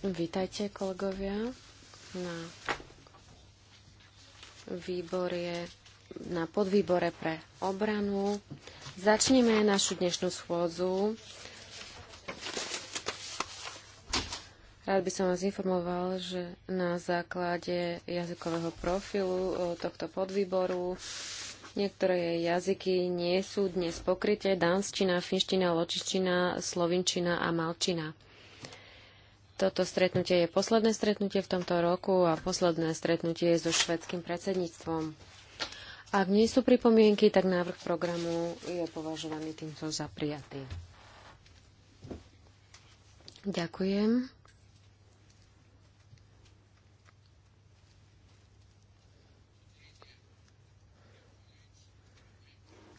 Vítajte, kolegovia, na výbore, na podvýbore pre obranu. Začneme našu dnešnú schôdzu. Rád by som vás informoval, že na základe jazykového profilu eh, tohto podvýboru Niektoré jazyky nie sú dnes pokryté. Dánština, finština, ločiština, slovinčina a malčina. Toto stretnutie je posledné stretnutie v tomto roku a posledné stretnutie je so švedským predsedníctvom. Ak nie sú pripomienky, tak návrh programu je považovaný týmto za prijatý. Ďakujem.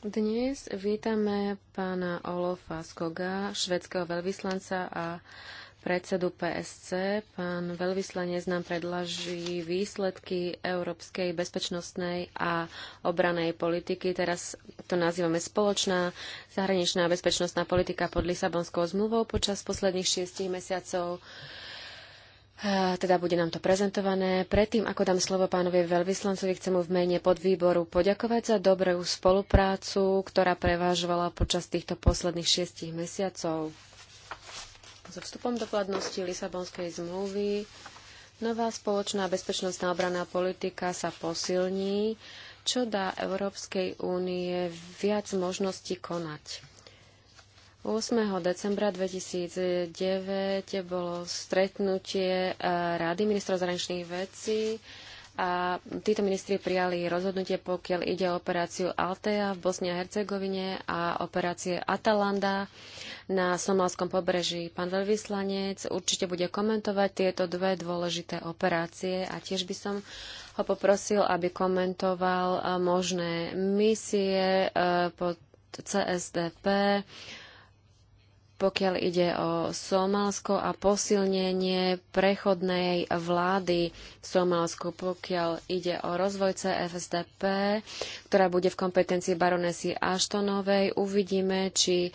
Dnes vítame pána Olofa Skoga, švedského veľvyslanca a predsedu PSC. Pán veľvyslanec nám predlaží výsledky európskej bezpečnostnej a obranej politiky. Teraz to nazývame spoločná zahraničná bezpečnostná politika pod Lisabonskou zmluvou počas posledných šiestich mesiacov teda bude nám to prezentované. Predtým, ako dám slovo pánovi veľvyslancovi, chcem mu v mene podvýboru poďakovať za dobrú spoluprácu, ktorá prevážovala počas týchto posledných šiestich mesiacov. So vstupom do platnosti Lisabonskej zmluvy nová spoločná bezpečnostná obranná politika sa posilní, čo dá Európskej únie viac možností konať. 8. decembra 2009 bolo stretnutie eh, Rady ministrov zahraničných vecí a títo ministri prijali rozhodnutie, pokiaľ ide o operáciu Altea v Bosne a Hercegovine a operácie Atalanda na somalskom pobreží. Pán veľvyslanec určite bude komentovať tieto dve dôležité operácie a tiež by som ho poprosil, aby komentoval eh, možné misie eh, pod CSDP, pokiaľ ide o Somálsko a posilnenie prechodnej vlády v Somálsku, pokiaľ ide o rozvoj CFSDP, ktorá bude v kompetencii baronesy Aštonovej. Uvidíme, či e,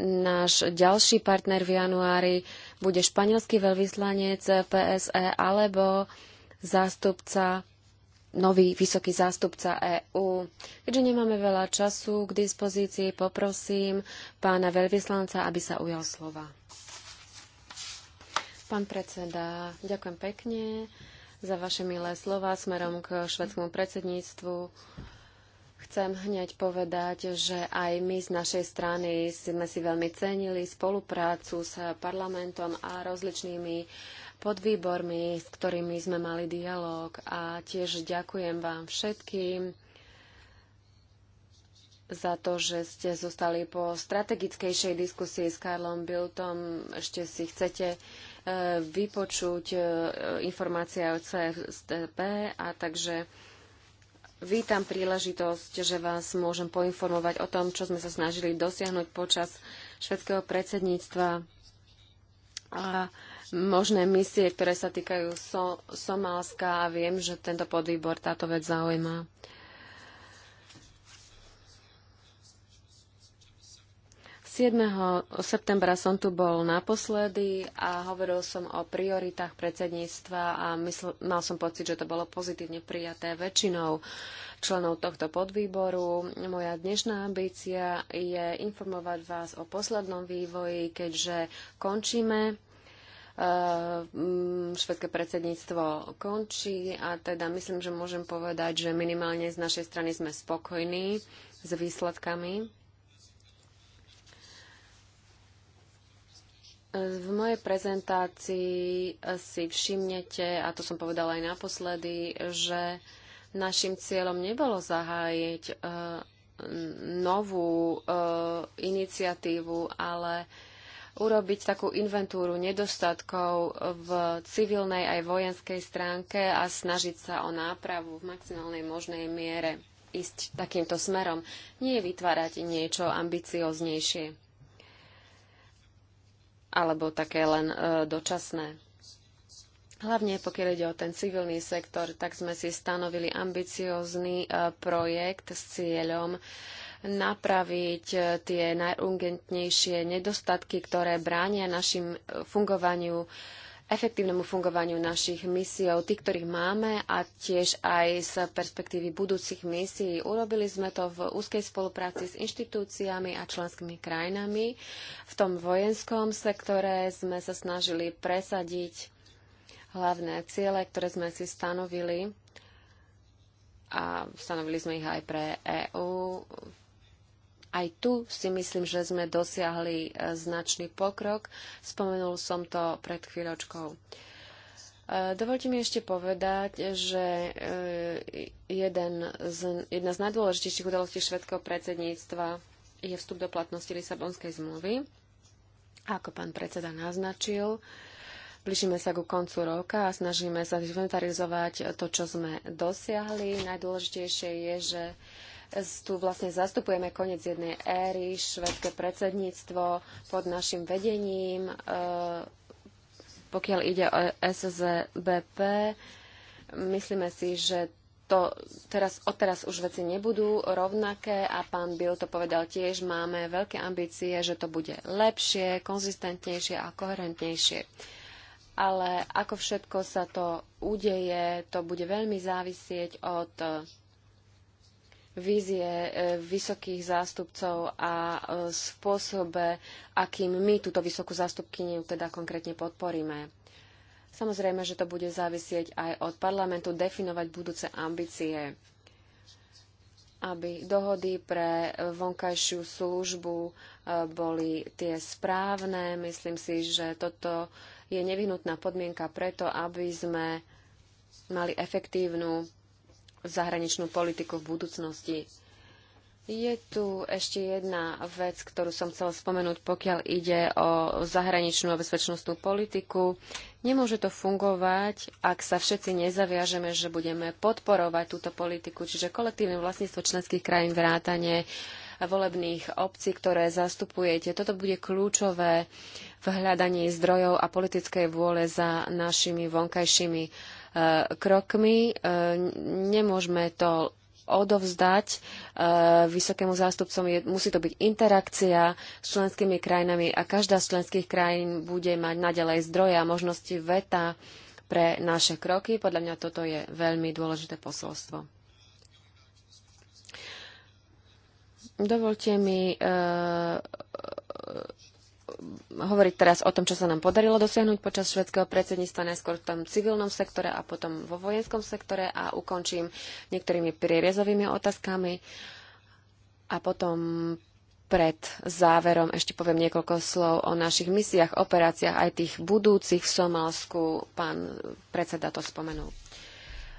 náš ďalší partner v januári bude španielský veľvyslanec PSE alebo zástupca nový vysoký zástupca EÚ. Keďže nemáme veľa času k dispozícii, poprosím pána veľvyslanca, aby sa ujal slova. Pán predseda, ďakujem pekne za vaše milé slova smerom k švedskému predsedníctvu. Chcem hneď povedať, že aj my z našej strany sme si veľmi cenili spoluprácu s parlamentom a rozličnými uh, podvýbormi, s ktorými sme mali dialog a tiež ďakujem vám všetkým za to, že ste zostali po strategickejšej diskusii s Karlom Biltom. Ešte si chcete e, vypočuť e, informácie o CSTP, a takže vítam príležitosť, že vás môžem poinformovať o tom, čo sme sa snažili dosiahnuť počas švedského predsedníctva. A možné misie, ktoré sa týkajú so- Somálska a viem, že tento podvýbor táto vec zaujíma. septembra som tu bol naposledy a hovoril som o prioritách predsedníctva a mysl- mal som pocit, že to bolo pozitívne prijaté väčšinou členov tohto podvýboru. Moja dnešná ambícia je informovať vás o poslednom vývoji, keďže končíme Ehm, švedské predsedníctvo končí a teda myslím, že môžem povedať, že minimálne z našej strany sme spokojní s výsledkami. V mojej prezentácii si všimnete, a to som povedala aj naposledy, že našim cieľom nebolo zahájiť eh, novú eh, iniciatívu, ale urobiť takú inventúru nedostatkov v civilnej aj vojenskej stránke a snažiť sa o nápravu v maximálnej možnej miere ísť takýmto smerom, nie vytvárať niečo ambicioznejšie alebo také len e, dočasné. Hlavne pokiaľ ide o ten civilný sektor, tak sme si stanovili ambiciózny e, projekt s cieľom e, napraviť eh, tie najungentnejšie nedostatky, ktoré bránia našim eh, fungovaniu efektívnemu fungovaniu našich misiov, tých, ktorých máme a tiež aj z perspektívy budúcich misií. Urobili sme to v úzkej spolupráci s inštitúciami a členskými krajinami. V tom vojenskom sektore sme sa snažili presadiť hlavné ciele, ktoré sme si stanovili a stanovili sme ich aj pre EÚ. Aj tu si myslím, že sme dosiahli e, značný pokrok. Spomenul som to pred chvíľočkou. E, dovolte mi ešte povedať, že e, jeden z, jedna z najdôležitejších udalostí švedského predsedníctva je vstup do platnosti Lisabonskej zmluvy. Ako pán predseda naznačil, blížime sa ku koncu roka a snažíme sa zinventarizovať to, čo sme dosiahli. Najdôležitejšie je, že tu vlastne zastupujeme koniec jednej éry, švedské predsedníctvo pod našim vedením, e, pokiaľ ide o SZBP. Myslíme si, že to teraz, odteraz už veci nebudú rovnaké a pán Bill to povedal tiež, máme veľké ambície, že to bude lepšie, konzistentnejšie a koherentnejšie. Ale ako všetko sa to udeje, to bude veľmi závisieť od vízie e, vysokých zástupcov a e, spôsobe, akým my túto vysokú zástupkyniu teda konkrétne podporíme. Samozrejme, že to bude závisieť aj od parlamentu definovať budúce ambície, aby dohody pre vonkajšiu službu e, boli tie správne. Myslím si, že toto je nevyhnutná podmienka preto, aby sme mali efektívnu zahraničnú politiku v budúcnosti. Je tu ešte jedna vec, ktorú som chcela spomenúť, pokiaľ ide o zahraničnú a bezpečnostnú politiku. Nemôže to fungovať, ak sa všetci nezaviažeme, že budeme podporovať túto politiku, čiže kolektívne vlastníctvo členských krajín vrátane volebných obcí, ktoré zastupujete. Toto bude kľúčové v hľadaní zdrojov a politickej vôle za našimi vonkajšími krokmi. E, nemôžeme to odovzdať e, vysokému zástupcom. Musí to byť interakcia s členskými krajinami a každá z členských krajín bude mať naďalej zdroje a možnosti veta pre naše kroky. Podľa mňa toto je veľmi dôležité posolstvo. Dovolte mi e, hovoriť teraz o tom, čo sa nám podarilo dosiahnuť počas švedského predsedníctva, najskôr v tom civilnom sektore a potom vo vojenskom sektore a ukončím niektorými prierezovými otázkami a potom pred záverom ešte poviem niekoľko slov o našich misiách, operáciách, aj tých budúcich v Somálsku. Pán predseda to spomenul.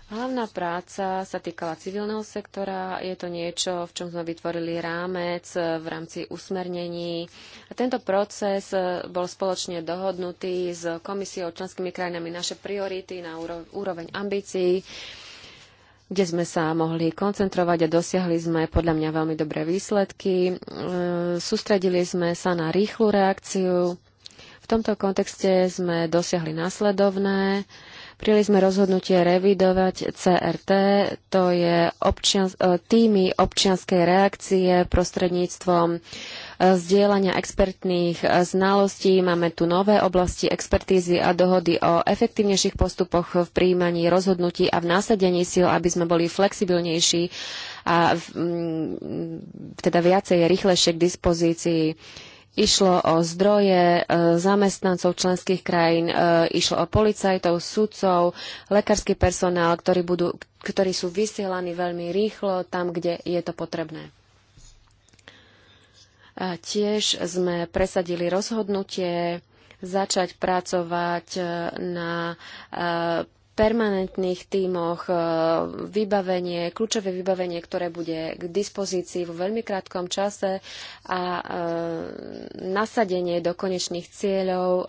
Hlavná práca sa týkala civilného sektora. Je to niečo, v čom sme vytvorili rámec v rámci usmernení. A tento proces e, bol spoločne dohodnutý s komisiou členskými krajinami naše priority na úroveň ambícií kde sme sa mohli koncentrovať a dosiahli sme podľa mňa veľmi dobré výsledky. E, sústredili sme sa na rýchlu reakciu. V tomto kontexte sme dosiahli následovné. Prijeli sme rozhodnutie revidovať CRT, to je občian, e, týmy občianskej reakcie prostredníctvom e, zdieľania expertných e, znalostí. Máme tu nové oblasti expertízy a dohody o efektívnejších postupoch v príjmaní rozhodnutí a v násadení síl, aby sme boli flexibilnejší a teda viacej rýchlejšie k dispozícii Išlo o zdroje e, zamestnancov členských krajín, e, išlo o policajtov, sudcov, lekársky personál, ktorí, budú, ktorí sú vysielaní veľmi rýchlo tam, kde je to potrebné. A tiež sme presadili rozhodnutie začať pracovať e, na permanentných tímoch, e, vybavenie, kľúčové vybavenie, ktoré bude k dispozícii vo veľmi krátkom čase a e, nasadenie do konečných cieľov, e,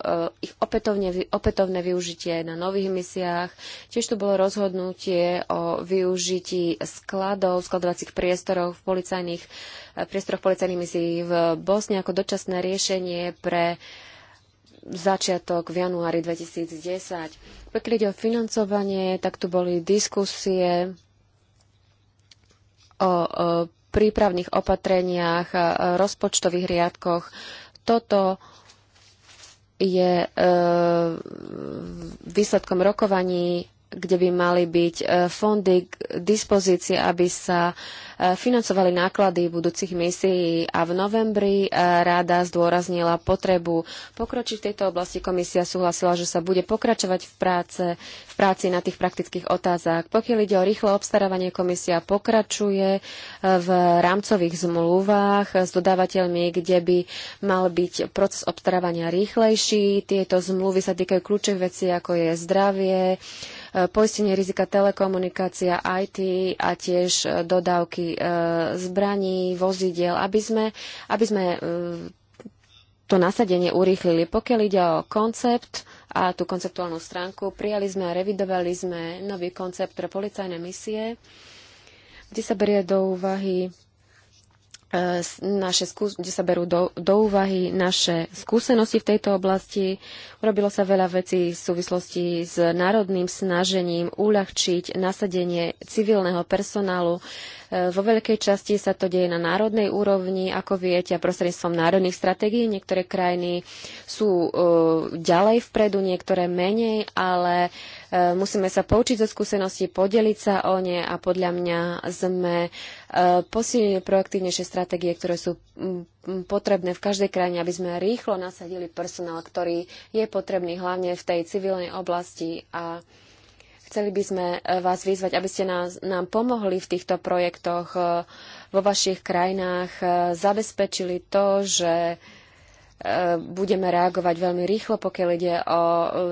ich opätovne, opätovné využitie na nových misiách. Tiež tu bolo rozhodnutie o využití skladov, skladovacích priestorov v policajných, priestoroch policajných misií v Bosne ako dočasné riešenie pre uh, začiatok v januári 2010. Pokiaľ ide o financovanie, tak tu boli diskusie o, o prípravných opatreniach, rozpočtových riadkoch. Toto je e, výsledkom rokovaní kde by mali byť e, fondy k dispozícii, aby sa e, financovali náklady budúcich misií a v novembri e, ráda zdôraznila potrebu pokročiť v tejto oblasti. Komisia súhlasila, že sa bude pokračovať v, práce, v práci na tých praktických otázach. Pokiaľ ide o rýchle obstarávanie, komisia pokračuje v rámcových zmluvách s dodávateľmi, kde by mal byť proces obstarávania rýchlejší. Tieto zmluvy sa týkajú kľúčových vecí, ako je zdravie, poistenie rizika telekomunikácia, IT a tiež e, dodávky e, zbraní, vozidiel, aby sme, aby sme e, to nasadenie urýchlili. Pokiaľ ide o koncept a tú konceptuálnu stránku, prijali sme a revidovali sme nový koncept pre policajné misie, kde sa berie do úvahy E, naše skús- kde sa berú do, do úvahy naše skúsenosti v tejto oblasti. Urobilo sa veľa vecí v súvislosti s národným snažením uľahčiť nasadenie civilného personálu vo veľkej časti sa to deje na národnej úrovni, ako viete, a prostredníctvom národných stratégií. Niektoré krajiny sú e, ďalej vpredu, niektoré menej, ale e, musíme sa poučiť zo skúseností, podeliť sa o ne a podľa mňa sme e, posilnili proaktívnejšie stratégie, ktoré sú potrebné v každej krajine, aby sme rýchlo nasadili personál, ktorý je potrebný hlavne v tej civilnej oblasti a Chceli by sme e, vás vyzvať, aby ste nás, nám pomohli v týchto projektoch e, vo vašich krajinách, e, zabezpečili to, že budeme reagovať veľmi rýchlo, pokiaľ ide o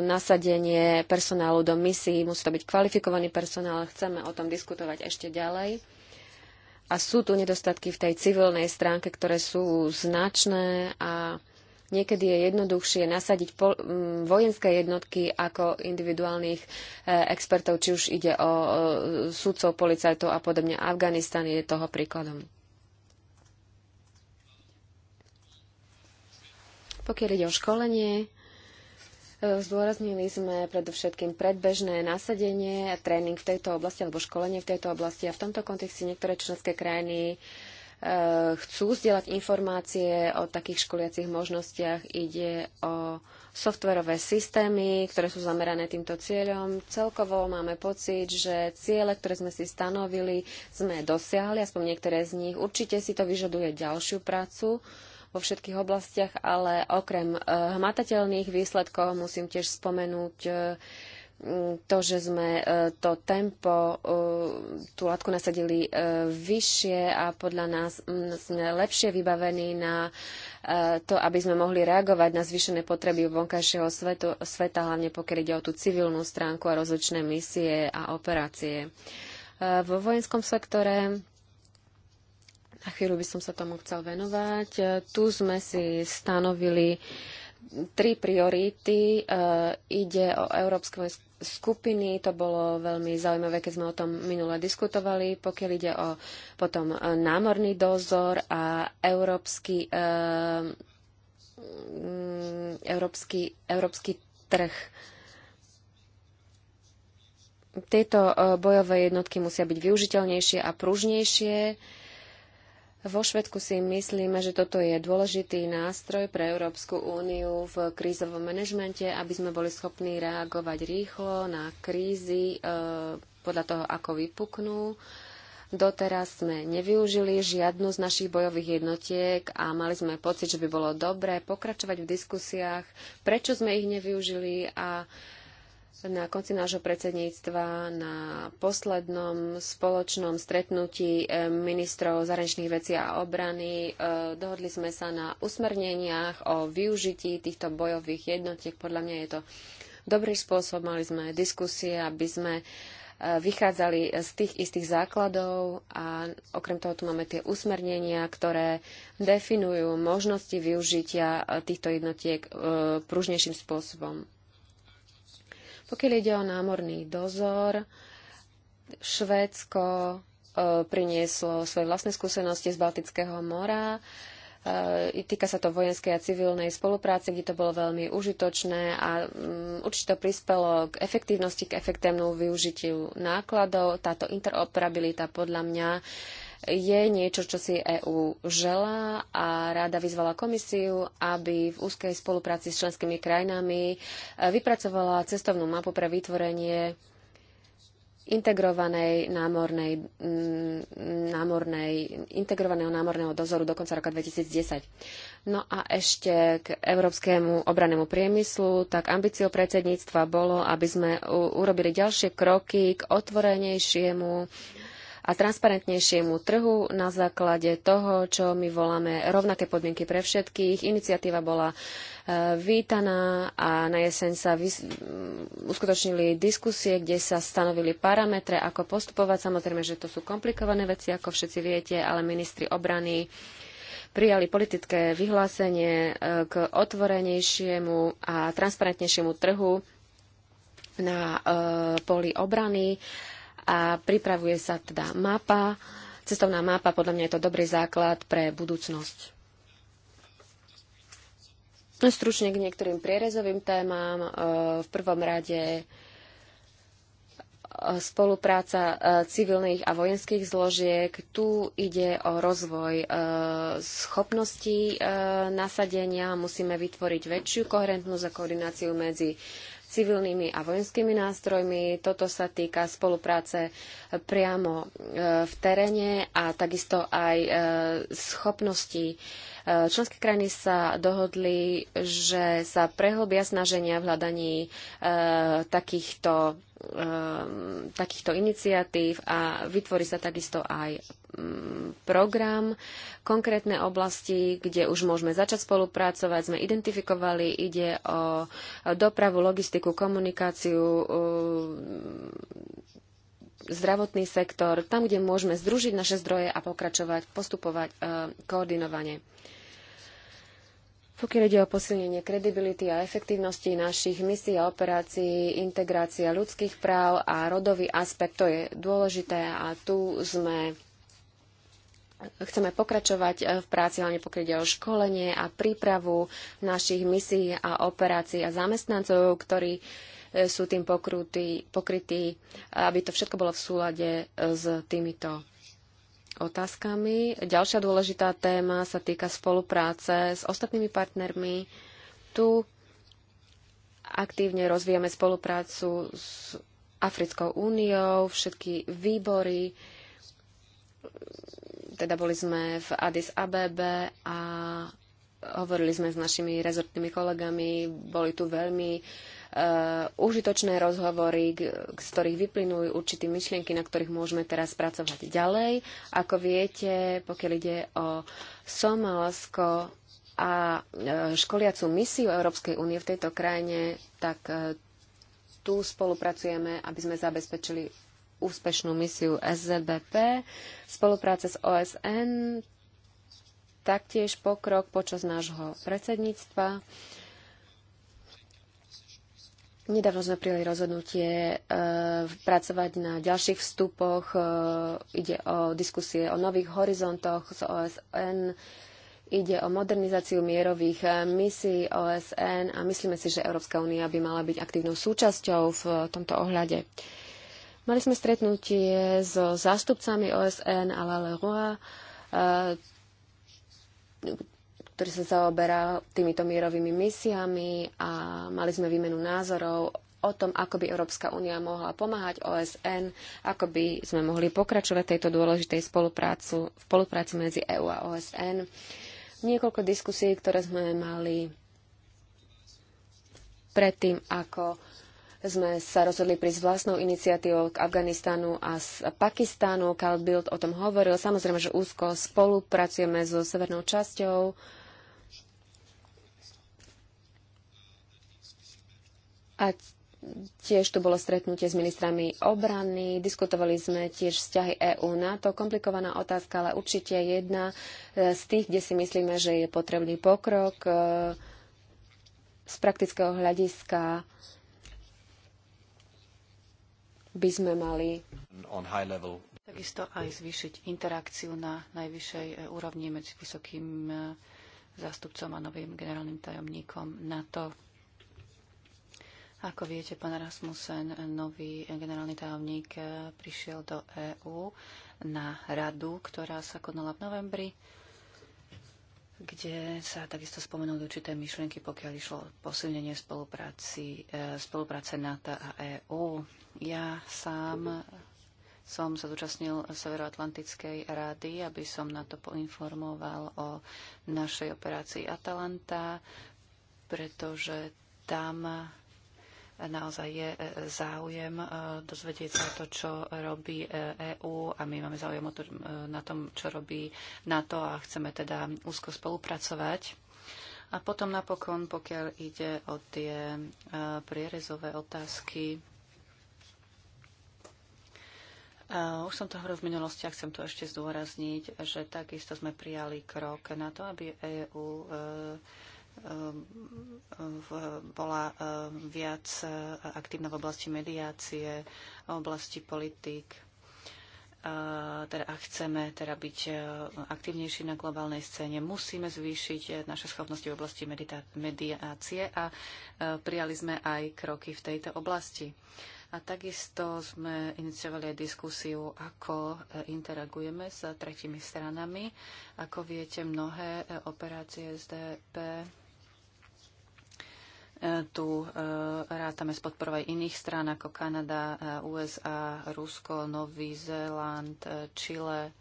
nasadenie personálu do misií. Musí to byť kvalifikovaný personál, chceme o tom diskutovať ešte ďalej. A sú tu nedostatky v tej civilnej stránke, ktoré sú značné a Niekedy je jednoduchšie nasadiť vojenské jednotky ako individuálnych e, expertov, či už ide o e, sudcov, policajtov a podobne. Afganistan je toho príkladom. Pokiaľ ide o školenie, e, Zdôraznili sme predovšetkým predbežné nasadenie, tréning v tejto oblasti alebo školenie v tejto oblasti a v tomto kontexte niektoré členské krajiny Eh, chcú zdieľať informácie o takých školiacich možnostiach. Ide o softverové systémy, ktoré sú zamerané týmto cieľom. Celkovo máme pocit, že ciele, ktoré sme si stanovili, sme dosiahli, aspoň niektoré z nich. Určite si to vyžaduje ďalšiu prácu vo všetkých oblastiach, ale okrem eh, hmatateľných výsledkov musím tiež spomenúť eh, to, že sme e, to tempo, e, tú látku nasadili e, vyššie a podľa nás sme lepšie vybavení na to, aby sme mohli reagovať na zvýšené potreby vonkajšieho svetu, sveta, hlavne pokiaľ ide o tú civilnú stránku a rozličné misie a operácie. Vo vojenskom sektore na chvíľu by som sa tomu chcel venovať. Tu sme si stanovili tri priority. ide o Európsky skupiny. To bolo veľmi zaujímavé, keď sme o tom minule diskutovali. Pokiaľ ide o potom e, námorný dozor a európsky, e, mm, európsky, európsky trh. Tieto e, bojové jednotky musia byť využiteľnejšie a pružnejšie. E, vo Švedku si myslíme, že toto je dôležitý nástroj pre Európsku úniu v krízovom manažmente, aby sme boli schopní reagovať rýchlo na krízy e, podľa toho, ako vypuknú. Doteraz sme nevyužili žiadnu z našich bojových jednotiek a mali sme pocit, že by bolo dobré pokračovať v diskusiách, prečo sme ich nevyužili a na konci nášho predsedníctva na poslednom spoločnom stretnutí eh, ministrov zahraničných vecí a obrany eh, dohodli sme sa na usmerneniach o využití týchto bojových jednotiek. Podľa mňa je to dobrý spôsob. Mali sme diskusie, aby sme eh, vychádzali z tých istých základov a okrem toho tu máme tie usmernenia, ktoré definujú možnosti využitia týchto jednotiek pružnejším spôsobom. Pokiaľ ide o námorný dozor, Švédsko e, prinieslo svoje vlastné skúsenosti z Baltického mora. E, týka sa to vojenskej a civilnej spolupráce, kde to bolo veľmi užitočné a um, určite prispelo k efektívnosti, k efektívnemu využitiu nákladov. Táto interoperabilita podľa mňa je niečo, čo si EÚ želá a rada vyzvala komisiu, aby v úzkej spolupráci s členskými krajinami e, vypracovala cestovnú mapu pre vytvorenie integrovanej námornej, mm, námornej, integrovaného námorného dozoru do konca roka 2010. No a ešte k európskemu obranému priemyslu, tak ambíciou predsedníctva bolo, aby sme urobili ďalšie kroky k otvorenejšiemu a transparentnejšiemu trhu na základe toho, čo my voláme rovnaké podmienky pre všetkých. Iniciatíva bola e, vítaná a na jeseň sa vys- mm, uskutočnili diskusie, kde sa stanovili parametre, ako postupovať. Samozrejme, že to sú komplikované veci, ako všetci viete, ale ministri obrany prijali politické vyhlásenie e, k otvorenejšiemu a transparentnejšiemu trhu na e, poli obrany. E, a pripravuje sa teda mapa, cestovná mapa, podľa mňa je to dobrý základ pre budúcnosť. Stručne k niektorým prierezovým témam. E, v prvom rade e, spolupráca e, civilných a vojenských zložiek. Tu ide o rozvoj schopností nasadenia. Musíme vytvoriť väčšiu koherentnú a koordináciu medzi civilnými a vojenskými nástrojmi. Toto sa týka spolupráce priamo e, v teréne a takisto aj e, schopnosti Eh, členské krajiny sa dohodli, že sa prehlbia snaženia v hľadaní eh, takýchto, eh, takýchto iniciatív a vytvorí sa takisto aj mm, program, konkrétne oblasti, kde už môžeme začať spolupracovať, sme identifikovali, ide o dopravu, logistiku, komunikáciu, zdravotný sektor, tam, kde môžeme združiť naše zdroje a pokračovať, postupovať e, koordinovane. Pokiaľ ide o posilnenie kredibility a efektívnosti našich misií a operácií, integrácia ľudských práv a rodový aspekt, to je dôležité a tu sme chceme pokračovať e, v práci, hlavne pokiaľ ide o školenie a prípravu našich misií a operácií a zamestnancov, ktorí E, sú tým pokrutí, pokrytí, aby to všetko bolo v súlade e, s týmito otázkami. Ďalšia dôležitá téma sa týka spolupráce s ostatnými partnermi. Tu aktívne rozvíjame spoluprácu s Africkou úniou, všetky výbory, teda boli sme v Addis Abebe a hovorili sme s našimi rezortnými kolegami, boli tu veľmi Eh, užitočné rozhovory, z ktorých vyplynujú určité myšlienky, na ktorých môžeme teraz pracovať ďalej. Ako viete, pokiaľ ide o Somálsko a eh, školiacu misiu Európskej únie v tejto krajine, tak eh, tu spolupracujeme, aby sme zabezpečili úspešnú misiu SZBP, spolupráce s OSN, taktiež pokrok počas nášho predsedníctva. Nedávno sme prijali rozhodnutie uh, pracovať na ďalších vstupoch. Uh, ide o diskusie o nových horizontoch z OSN, ide o modernizáciu mierových e, misií OSN a myslíme si, že Európska únia by mala byť aktívnou súčasťou v tomto ohľade. Mali sme stretnutie so zástupcami OSN a La Leroy, ktorý sa zaoberá týmito mierovými misiami a mali sme výmenu názorov o tom, ako by Európska únia mohla pomáhať OSN, ako by sme mohli pokračovať tejto dôležitej spoluprácu, v spolupráci medzi EÚ a OSN. Niekoľko diskusí, ktoré sme mali predtým, ako sme sa rozhodli prísť vlastnou iniciatívou k Afganistanu a z Pakistánu. Carl Bild o tom hovoril. Samozrejme, že úzko spolupracujeme so severnou časťou A tiež tu bolo stretnutie s ministrami obrany, diskutovali sme tiež vzťahy EÚ na to. Komplikovaná otázka, ale určite jedna e, z tých, kde si myslíme, že je potrebný pokrok e, z praktického hľadiska by sme mali takisto aj zvýšiť interakciu na najvyššej e, úrovni medzi vysokým zástupcom a novým generálnym tajomníkom NATO. Ako viete, pán Rasmussen, nový generálny tajomník, eh, prišiel do EÚ na radu, ktorá sa konala v novembri, kde sa takisto spomenuli určité myšlienky, pokiaľ išlo o posilnenie spolupráci, eh, spolupráce NATO a EÚ. Ja sám som sa zúčastnil Severoatlantickej rady, aby som na to poinformoval o našej operácii Atalanta, pretože tam naozaj je e, e, záujem e, dozvedieť sa to, čo robí EÚ a my máme záujem to, na tom, čo robí NATO a chceme teda úzko spolupracovať. A potom napokon, pokiaľ ide o tie prierezové otázky, Uh, už som to hovoril v minulosti a chcem to ešte zdôrazniť, že takisto sme prijali krok na to, aby EÚ uh, Ehm, bola ehm, viac eh, aktívna v oblasti mediácie, v oblasti politík teda, a chceme teda byť eh, aktívnejší na globálnej scéne, musíme zvýšiť eh, naše schopnosti v oblasti mediácie a prijali sme aj kroky v tejto oblasti. A takisto sme iniciovali aj diskusiu, ako interagujeme s tretimi stranami. Ako viete, mnohé operácie SDP tu e, rátame s podporou aj iných strán ako Kanada, e, USA, Rusko, Nový Zéland, e, Čile,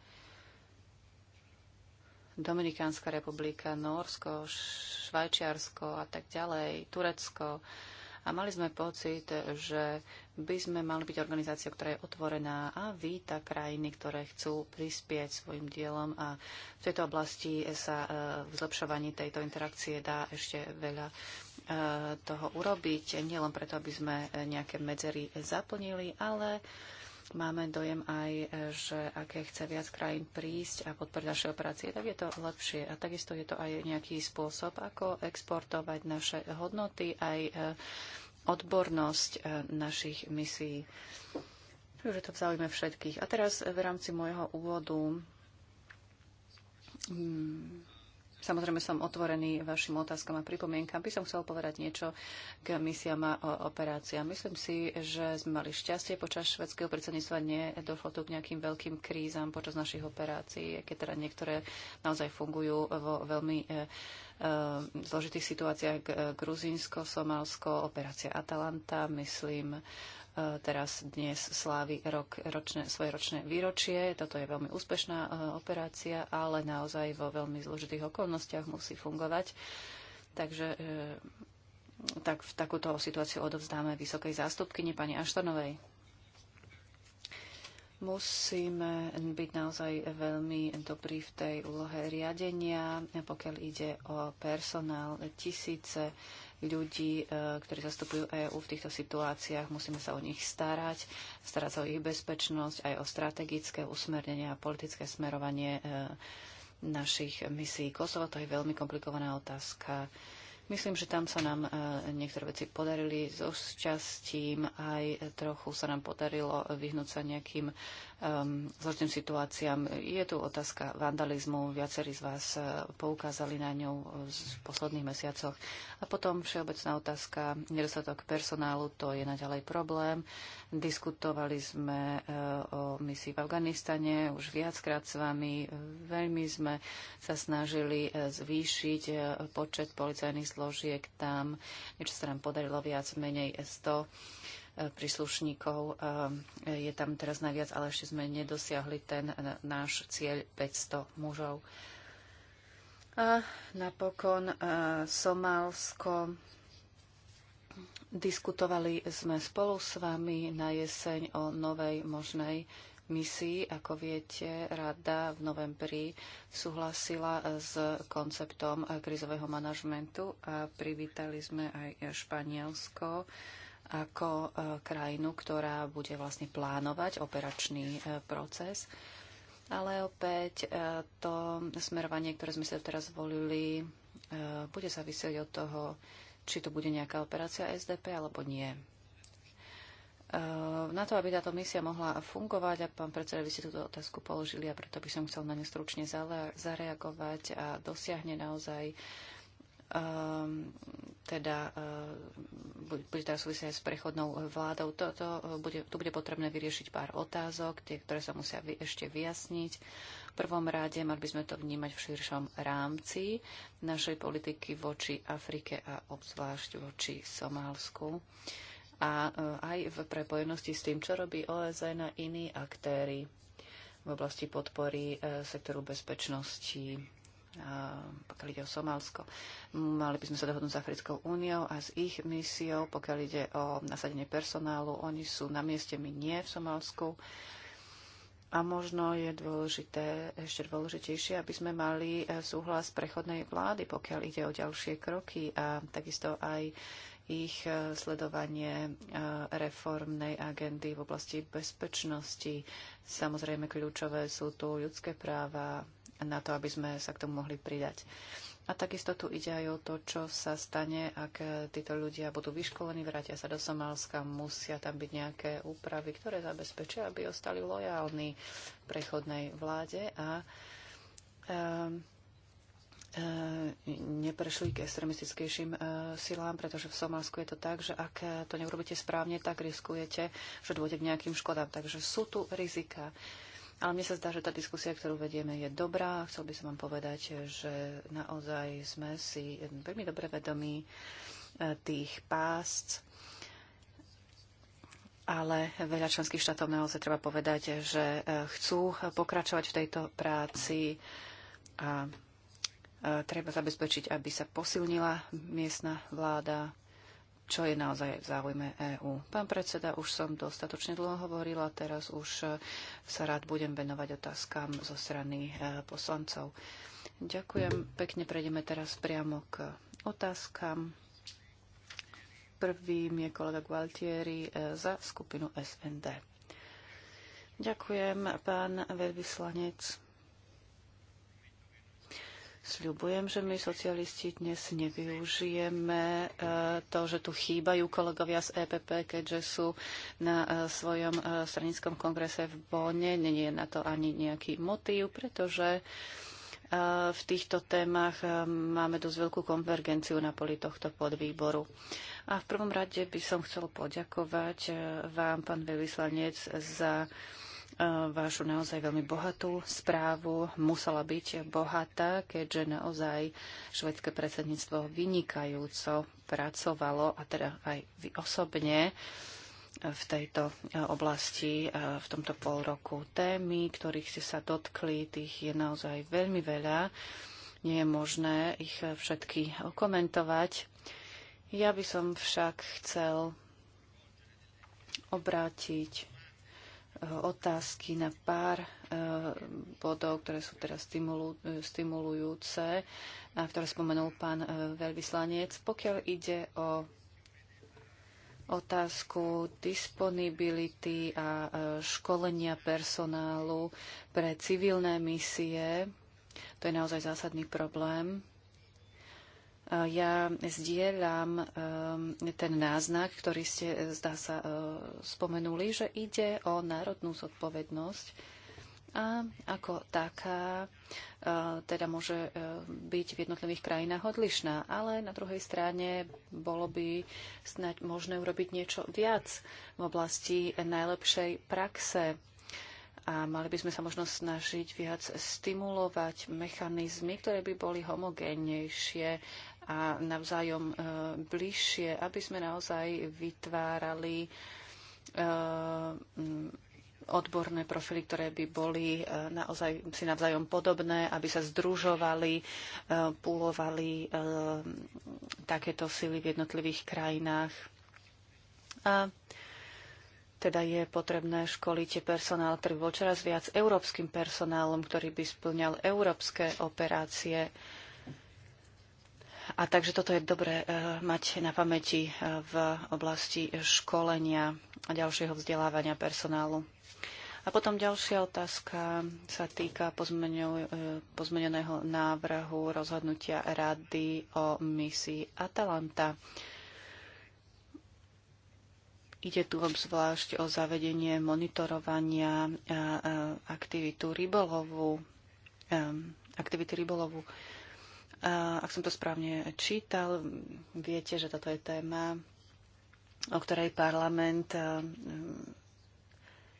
Dominikánska republika, Norsko, Švajčiarsko a tak ďalej, Turecko. A mali sme pocit, že by sme mali byť organizáciou, ktorá je otvorená a víta krajiny, ktoré chcú prispieť svojim dielom. A v tejto oblasti sa v zlepšovaní tejto interakcie dá ešte veľa toho urobiť, nielen preto, aby sme nejaké medzery zaplnili, ale máme dojem aj, že aké chce viac krajín prísť a podporiť naše operácie, tak je to lepšie. A takisto je to aj nejaký spôsob, ako exportovať naše hodnoty, aj e, odbornosť e, našich misií. Že to vzaujíme všetkých. A teraz v rámci môjho úvodu hmm Samozrejme som otvorený vašim otázkam a pripomienkam. By som chcel povedať niečo k misiám a operáciám. Myslím si, že sme mali šťastie. Počas švedského predsedníctva nie došlo tu k nejakým veľkým krízam počas našich operácií, keď teda niektoré naozaj fungujú vo veľmi e, e, zložitých situáciách Gruzínsko, Somálsko, operácia Atalanta, myslím E, teraz dnes slávi rok, ročné, svoje ročné výročie. Toto je veľmi úspešná e, operácia, ale naozaj vo veľmi zložitých okolnostiach musí fungovať. Takže e, tak v takúto situáciu odovzdáme vysokej zástupkyni pani Aštonovej. Musíme byť naozaj veľmi dobrí v tej úlohe riadenia, pokiaľ ide o personál tisíce ľudí, e, ktorí zastupujú EÚ v týchto situáciách. Musíme sa o nich starať, starať sa o ich bezpečnosť, aj o strategické usmernenie a politické smerovanie e, našich misií Kosova. To je veľmi komplikovaná otázka. Myslím, že tam sa nám e, niektoré veci podarili so šťastím, aj trochu sa nám podarilo vyhnúť sa nejakým um, ehm, zložitým situáciám. Je tu otázka vandalizmu, viacerí z vás eh, poukázali na ňu v eh, posledných mesiacoch. A potom všeobecná otázka, nedostatok personálu, to je naďalej problém. Diskutovali sme eh, o misii v Afganistane už viackrát s vami. Veľmi sme sa snažili zvýšiť počet policajných zložiek tam. Niečo sa nám podarilo viac, menej 100 príslušníkov ehm, je tam teraz najviac, ale ešte sme nedosiahli ten e, náš cieľ 500 mužov. A napokon e, Somálsko. Diskutovali sme spolu s vami na jeseň o novej možnej misii. Ako viete, rada v novembri súhlasila e, s konceptom krizového manažmentu a privítali sme aj Španielsko ako e, krajinu, ktorá bude vlastne plánovať operačný e, proces. Ale opäť e, to smerovanie, ktoré sme sa teraz volili, bude závisieť od toho, či to bude nejaká operácia SDP alebo nie. Na to, aby táto misia mohla fungovať, a pán predseda, vy ste túto otázku položili a preto by som chcel na ne stručne zareagovať a dosiahne naozaj uh, um, teda uh, bude teraz súvisieť s prechodnou vládou. Toto eh, bude, tu bude potrebné vyriešiť pár otázok, tie, ktoré sa musia vy, ešte vyjasniť. V prvom rade mali by sme to vnímať v širšom rámci našej politiky voči Afrike a obzvlášť voči Somálsku a uh, aj v prepojenosti s tým, čo robí OSN a iní aktéry v oblasti podpory uh, sektoru bezpečnosti pokiaľ ide o Somálsko. Mali by sme sa dohodnúť s Africkou úniou a s ich misiou, pokiaľ ide o nasadenie personálu. Oni sú na mieste, my nie v Somálsku. A možno je dôležité, ešte dôležitejšie, aby sme mali e, súhlas prechodnej vlády, pokiaľ ide o ďalšie kroky a takisto aj ich e, sledovanie e, reformnej agendy v oblasti bezpečnosti. Samozrejme, kľúčové sú tu ľudské práva, na to, aby sme sa k tomu mohli pridať. A takisto tu ide aj o to, čo sa stane, ak títo ľudia budú vyškolení, vrátia sa do Somálska, musia tam byť nejaké úpravy, ktoré zabezpečia, aby ostali lojálni prechodnej vláde a e, neprešli k extremistickejším e, silám, pretože v Somálsku je to tak, že ak to neurobíte správne, tak riskujete, že dôjde k nejakým škodám. Takže sú tu rizika. Ale mne sa zdá, že tá diskusia, ktorú vedieme, je dobrá. Chcel by som vám povedať, že naozaj sme si veľmi dobre vedomí e, tých pásc, ale veľa členských štátov naozaj treba povedať, že e, chcú pokračovať v tejto práci a e, treba zabezpečiť, aby sa posilnila miestna vláda, čo je naozaj v záujme EÚ. Pán predseda, už som dostatočne dlho hovorila, teraz už e, sa rád budem venovať otázkam zo strany e, poslancov. Ďakujem pekne, prejdeme teraz priamo k otázkam. Prvým je kolega Gualtieri e, za skupinu SND. Ďakujem, pán veľvyslanec. Sľubujem, že my socialisti dnes nevyužijeme e, to, že tu chýbajú kolegovia z EPP, keďže sú na e, svojom e, stranickom kongrese v Bone. Není je na to ani nejaký motív, pretože v týchto témach máme dosť veľkú konvergenciu na poli tohto podvýboru. A v prvom rade by som chcel poďakovať vám, pán veľvyslanec, za vašu naozaj veľmi bohatú správu. Musela byť bohatá, keďže naozaj švedské predsedníctvo vynikajúco pracovalo a teda aj vy osobne v tejto eh, oblasti, eh, v tomto pol roku. Témy, ktorých ste sa dotkli, tých je naozaj veľmi veľa. Nie je možné ich všetky komentovať. Ja by som však chcel obrátiť otázky na pár e, bodov, ktoré sú teraz stimulujúce a ktoré spomenul pán e, veľvyslanec. Pokiaľ ide o otázku disponibility a e, školenia personálu pre civilné misie, to je naozaj zásadný problém. Ja zdieľam ehm, ten náznak, ktorý ste, zdá sa, ehm, spomenuli, že ide o národnú zodpovednosť a ako taká ehm, teda môže byť v jednotlivých krajinách odlišná. Ale na druhej strane bolo by snáď možné urobiť niečo viac v oblasti najlepšej praxe a mali by sme sa možno snažiť viac stimulovať mechanizmy, ktoré by boli homogénnejšie a navzájom e, bližšie, aby sme naozaj vytvárali e, odborné profily, ktoré by boli e, naozaj si navzájom podobné, aby sa združovali, púlovali takéto sily v jednotlivých krajinách. A teda je potrebné školiť personál, ktorý bol čoraz viac európskym personálom, ktorý by splňal európske operácie. A takže toto je dobre mať na pamäti e, v oblasti školenia a ďalšieho vzdelávania personálu. A potom ďalšia otázka sa týka e, pozmeneného návrhu rozhodnutia Rady o misii Atalanta. Ide tu obzvlášť o zavedenie monitorovania e, aktivitu rybolovu, aktivity rybolovu. Ak som to správne čítal, viete, že toto je téma, o ktorej parlament e,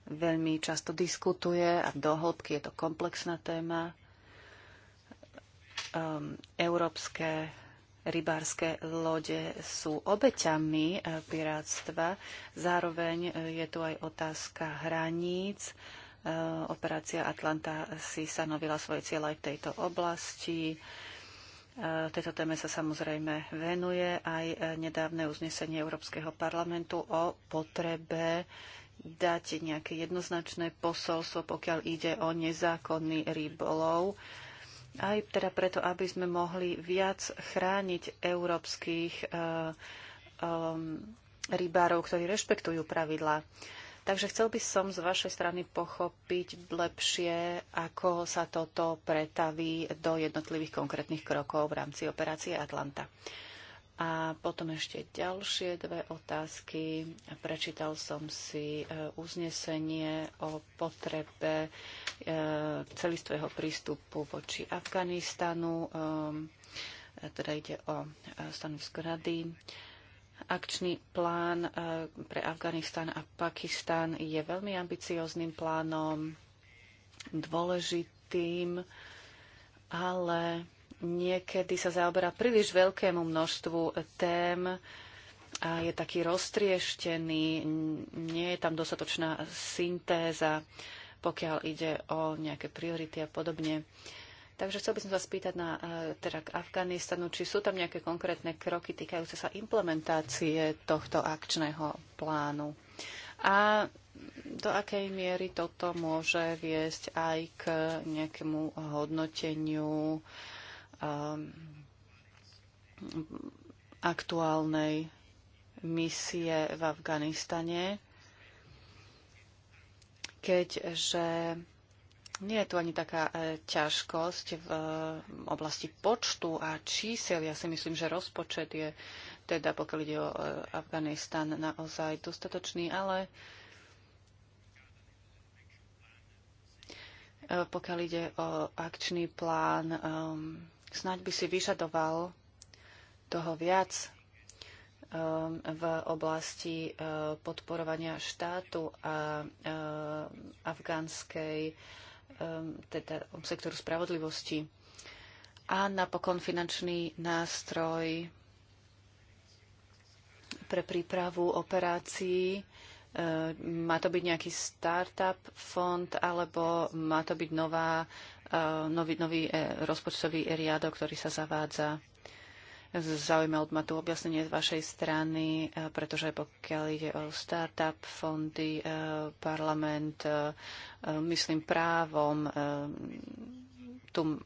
veľmi často diskutuje a do hĺbky je to komplexná téma. E, európske rybárske lode sú obeťami e, pirátstva. Zároveň je tu aj otázka hraníc. Operácia Atlanta si stanovila svoje cieľ aj v tejto oblasti E, tejto téme sa samozrejme venuje aj e, nedávne uznesenie Európskeho parlamentu o potrebe dať nejaké jednoznačné posolstvo, pokiaľ ide o nezákonný rybolov. Aj teda preto, aby sme mohli viac chrániť európskych um, rybárov, ktorí rešpektujú pravidlá. Uh, Takže chcel by som z vašej strany pochopiť lepšie, ako sa toto pretaví do jednotlivých konkrétnych krokov v rámci operácie Atlanta. A potom ešte ďalšie dve otázky. Prečítal som si e, uznesenie o potrebe e, celistvého prístupu voči Afganistanu. E, teda ide o stanovisko rady. Akčný plán eh, pre Afganistan a Pakistan je veľmi ambicióznym plánom, dôležitým, ale niekedy sa zaoberá príliš veľkému množstvu tém, a je taký roztrieštený, nie je tam dostatočná syntéza, pokiaľ ide o nejaké priority a podobne. Takže chcel by som sa spýtať na e, teda k Afganistanu, či sú tam nejaké konkrétne kroky týkajúce sa implementácie tohto akčného plánu. A do akej miery toto môže viesť aj k nejakému hodnoteniu um, aktuálnej misie v Afganistane, keďže nie je tu ani taká e, ťažkosť v e, oblasti počtu a čísel. Ja si myslím, že rozpočet je teda, pokiaľ ide o e, Afganistan, naozaj dostatočný, ale pokiaľ ide o akčný plán, e, snáď by si vyžadoval toho viac v oblasti podporovania štátu a afgánskej Ehm, teda sektoru spravodlivosti. A napokon finančný nástroj pre prípravu operácií. Ehm, má to byť nejaký startup fond, alebo má to byť nová, ehm, nový, nový e, rozpočtový riadok, ktorý sa zavádza Zaujímalo ma tu objasnenie z vašej strany, e, pretože pokiaľ ide o startup, fondy, e, parlament, e, myslím právom, tu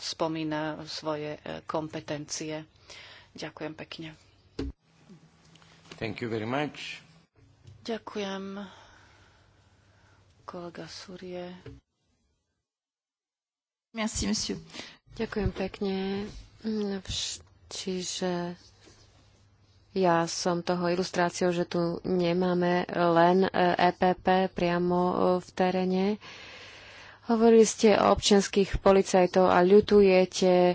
spomína svoje kompetencie. Ďakujem pekne. Thank you very much. Ďakujem, kolega Surie. Merci, monsieur. Ďakujem pekne. Čiže ja som toho ilustráciou, že tu nemáme len EPP e priamo e, v teréne. Hovorili ste o občianských policajtov a ľutujete e,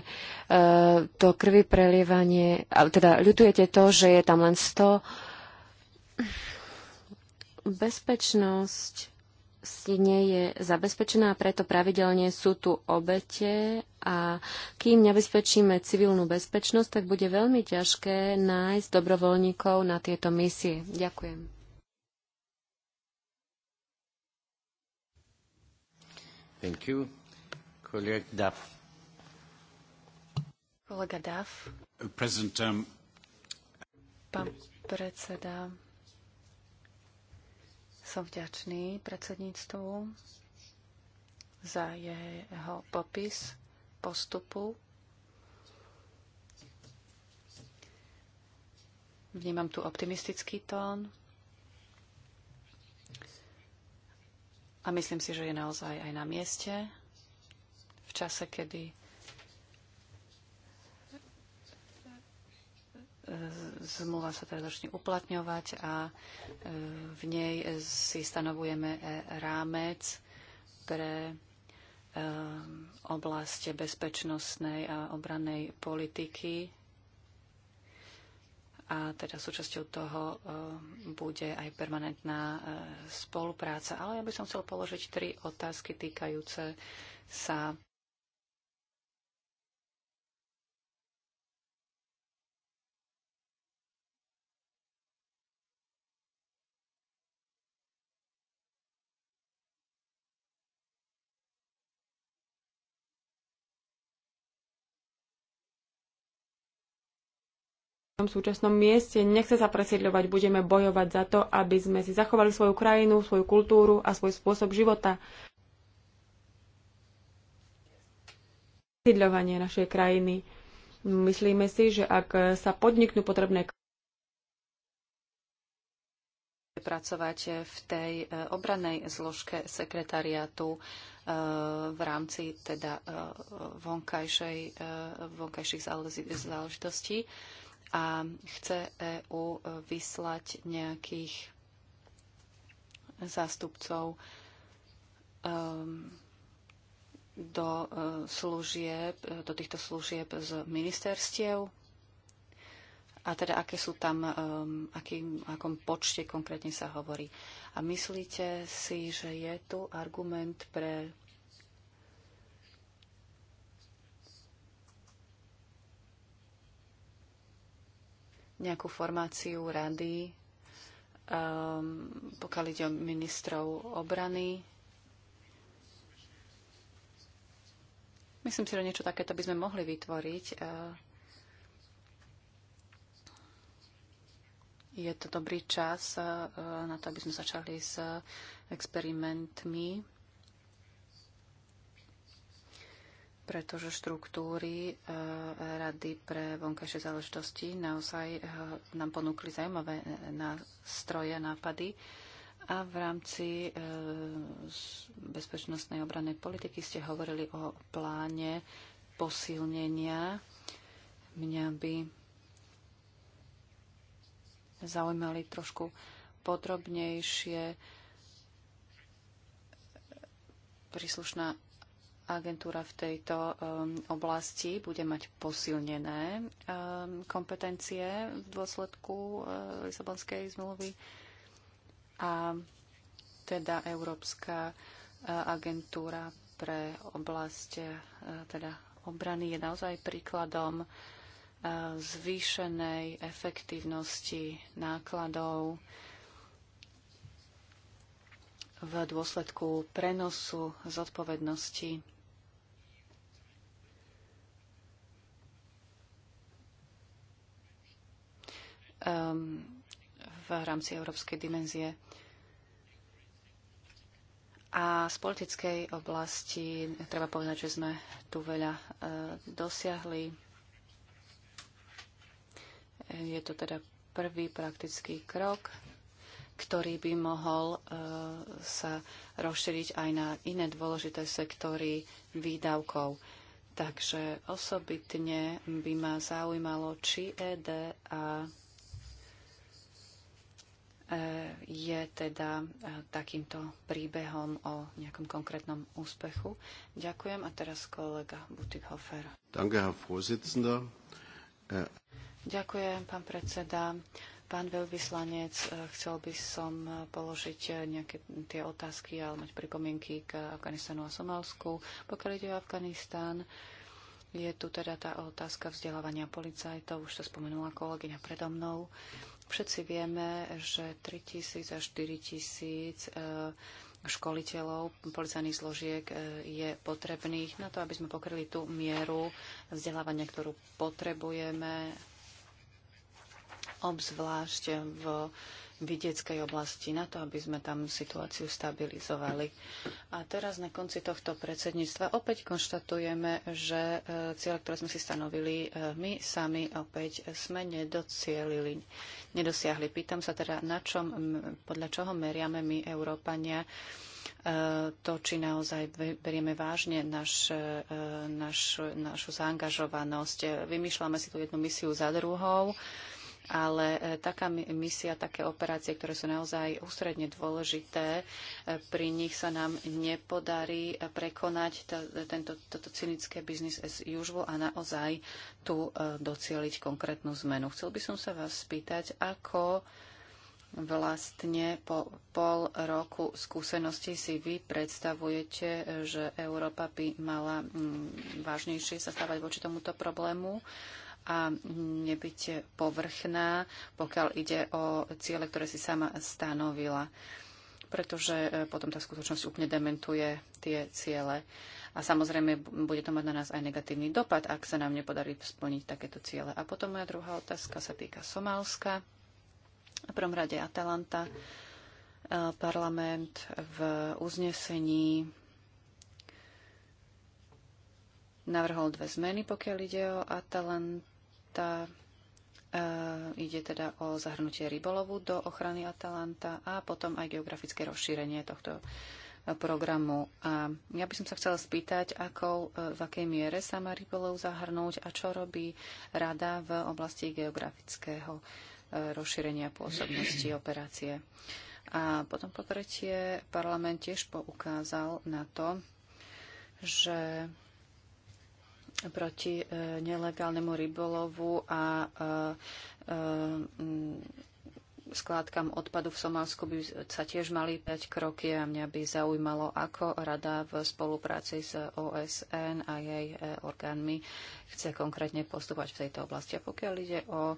to krvi prelievanie, teda ľutujete to, že je tam len 100. Bezpečnosť nie je zabezpečená, preto pravidelne sú tu obete a kým nebezpečíme civilnú bezpečnosť, tak bude veľmi ťažké nájsť dobrovoľníkov na tieto misie. Ďakujem. Thank you. Kolega Duff. Kolega Duff. President, um... Pán predseda, som vďačný predsedníctvu za jeho popis postupu. Vnímam tu optimistický tón a myslím si, že je naozaj aj na mieste v čase, kedy e, zmluva sa teda začne uplatňovať a e, v nej si stanovujeme e, rámec pre Ehm, oblasti bezpečnostnej a obrannej politiky. A teda súčasťou toho ehm, bude aj permanentná ehm, spolupráca. Ale ja by som chcel položiť tri otázky týkajúce sa tom súčasnom mieste, nechce sa presiedľovať, budeme bojovať za to, aby sme si zachovali svoju krajinu, svoju kultúru a svoj spôsob života. Presiedľovanie našej krajiny. Myslíme si, že ak sa podniknú potrebné pracovať v tej e, obranej zložke sekretariátu e, v rámci teda e, vonkajšej, vonkajších záležitostí a chce EÚ e, vyslať nejakých zástupcov um, do e, služieb, e, do týchto služieb z ministerstiev. A teda, aké sú tam, um, ehm, akým, akom počte konkrétne sa hovorí. A myslíte si, že je tu argument pre nejakú formáciu rady, um, pokiaľ ide o ministrov obrany. Myslím si, že niečo takéto by sme mohli vytvoriť. E, je to dobrý čas e, na to, aby sme začali s experimentmi pretože štruktúry e, Rady pre vonkajšie záležitosti naozaj e, nám ponúkli zaujímavé nástroje, nápady. A v rámci e, bezpečnostnej obrannej politiky ste hovorili o pláne posilnenia. Mňa by zaujímali trošku podrobnejšie príslušná agentúra v tejto um, oblasti bude mať posilnené um, kompetencie v dôsledku uh, Lisabonskej zmluvy a teda Európska uh, agentúra pre oblasť uh, teda obrany je naozaj príkladom zvýšenej efektívnosti nákladov v dôsledku prenosu zodpovednosti Um, v rámci európskej dimenzie. A z politickej oblasti treba povedať, že sme tu veľa uh, dosiahli. Je to teda prvý praktický krok, ktorý by mohol uh, sa rozšíriť aj na iné dôležité sektory výdavkov. Takže osobitne by ma zaujímalo, či ED a je teda e, takýmto príbehom o nejakom konkrétnom úspechu. Ďakujem a teraz kolega Butikhofer. Danke, Herr Vorsitzender. Äh, Ďakujem, pán predseda. Pán veľvyslanec, e, chcel by som e, položiť nejaké tie otázky alebo mať pripomienky k Afganistanu a Somálsku. Pokiaľ ide o Afganistán, je tu teda tá otázka vzdelávania policajtov, už to spomenula kolegyňa predo mnou. Všetci vieme, že 3000 až 4000 e, školiteľov policajných zložiek e, je potrebných na to, aby sme pokryli tú mieru vzdelávania, ktorú potrebujeme, obzvlášť v vidieckej oblasti na to, aby sme tam situáciu stabilizovali. A teraz na konci tohto predsedníctva opäť konštatujeme, že e, cieľe, ktoré sme si stanovili, e, my sami opäť sme nedocielili, nedosiahli. Pýtam sa teda, na čom, podľa čoho meriame my, Európania, e, to, či naozaj berieme vážne naš, naš, našu zaangažovanosť. Vymýšľame si tú jednu misiu za druhou ale e, taká misia, také operácie, ktoré sú naozaj ústredne dôležité, e, pri nich sa nám nepodarí e, prekonať tento, toto cynické business as usual a naozaj tu docieliť konkrétnu zmenu. Chcel by som sa vás spýtať, ako vlastne po pol roku skúsenosti si vy predstavujete, že Európa by mala vážnejšie sa stávať voči tomuto problému a nebyť povrchná, pokiaľ ide o ciele, ktoré si sama stanovila pretože e, potom tá skutočnosť úplne dementuje tie ciele. A samozrejme, bude to mať na nás aj negatívny dopad, ak sa nám nepodarí splniť takéto ciele. A potom moja druhá otázka sa týka Somálska, v prvom rade Atalanta. E, parlament v uznesení navrhol dve zmeny, pokiaľ ide o Atalant Atalanta. E, ide teda o zahrnutie rybolovu do ochrany Atalanta a potom aj geografické rozšírenie tohto e, programu. A ja by som sa chcela spýtať, ako, e, v akej miere sa má rybolov zahrnúť a čo robí rada v oblasti geografického rozšírenia pôsobnosti operácie. A potom po tretie, parlament tiež poukázal na to, že proti e, nelegálnemu rybolovu a e, e, skládkam odpadu v Somálsku by sa tiež mali 5 kroky a mňa by zaujímalo, ako rada v spolupráci s OSN a jej orgánmi chce konkrétne postupovať v tejto oblasti. A pokiaľ ide o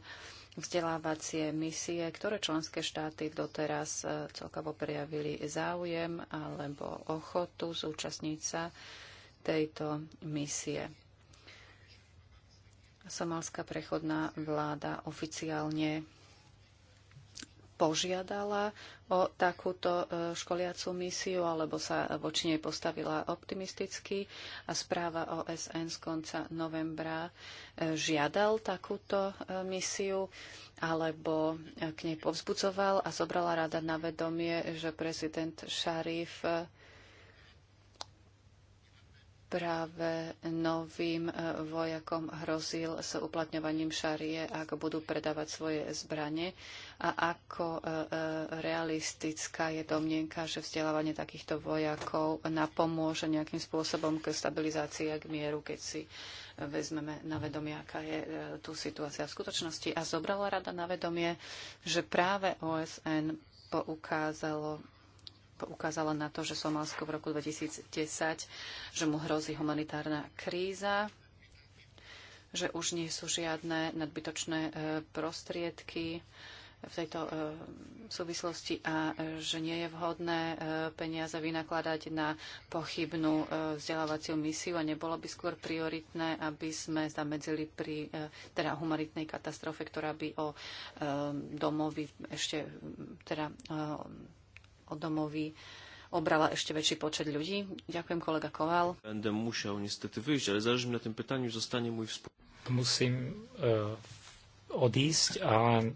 vzdelávacie misie, ktoré členské štáty doteraz celkovo prejavili záujem alebo ochotu zúčastniť sa tejto misie somalská prechodná vláda oficiálne požiadala o takúto e, školiacu misiu, alebo sa voči nej postavila optimisticky a správa OSN z konca novembra e, žiadal takúto e, misiu, alebo k nej povzbudzoval a zobrala rada na vedomie, že prezident Šarif práve novým e, vojakom hrozil s uplatňovaním šarie, ak budú predávať svoje zbranie a ako e, e, realistická je domnienka, že vzdelávanie takýchto vojakov napomôže nejakým spôsobom k stabilizácii a k mieru, keď si vezmeme na vedomie, aká je tu situácia v skutočnosti. A zobrala rada na vedomie, že práve OSN poukázalo poukázala na to, že Somálsko v roku 2010, že mu hrozí humanitárna kríza, že už nie sú žiadne nadbytočné e, prostriedky v tejto e, súvislosti a e, že nie je vhodné peniaze vynakladať na pochybnú vzdelávaciu misiu a nebolo by skôr prioritné, aby sme zamedzili pri teda humanitnej katastrofe, ktorá by o domovi ešte teda o domovy obrala ešte väčší počet ľudí. Ďakujem kolega Koval. Będę musiał niestety wyjść, ale zależy mi na tym pytaniu, zostanie mój Musím e, odísť, ale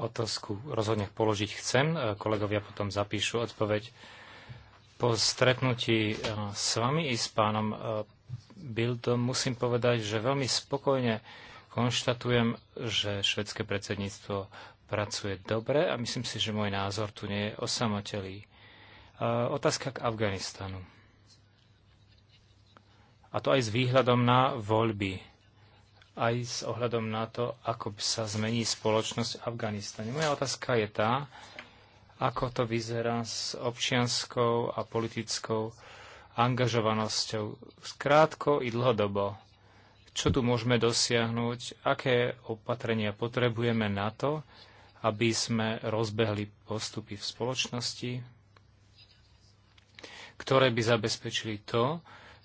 otázku rozhodne položiť chcem. E, kolegovia potom zapíšu odpoveď. Po stretnutí e, s vami i s pánom Bildom musím povedať, že veľmi spokojne konštatujem, že švedské predsedníctvo pracuje dobre a myslím si, že môj názor tu nie je osamotelý. E, otázka k Afganistanu. A to aj s výhľadom na voľby. Aj s ohľadom na to, ako sa zmení spoločnosť v Afganistane. Moja otázka je tá, ako to vyzerá s občianskou a politickou angažovanosťou krátko i dlhodobo. Čo tu môžeme dosiahnuť, aké opatrenia potrebujeme na to, aby sme rozbehli postupy v spoločnosti, ktoré by zabezpečili to,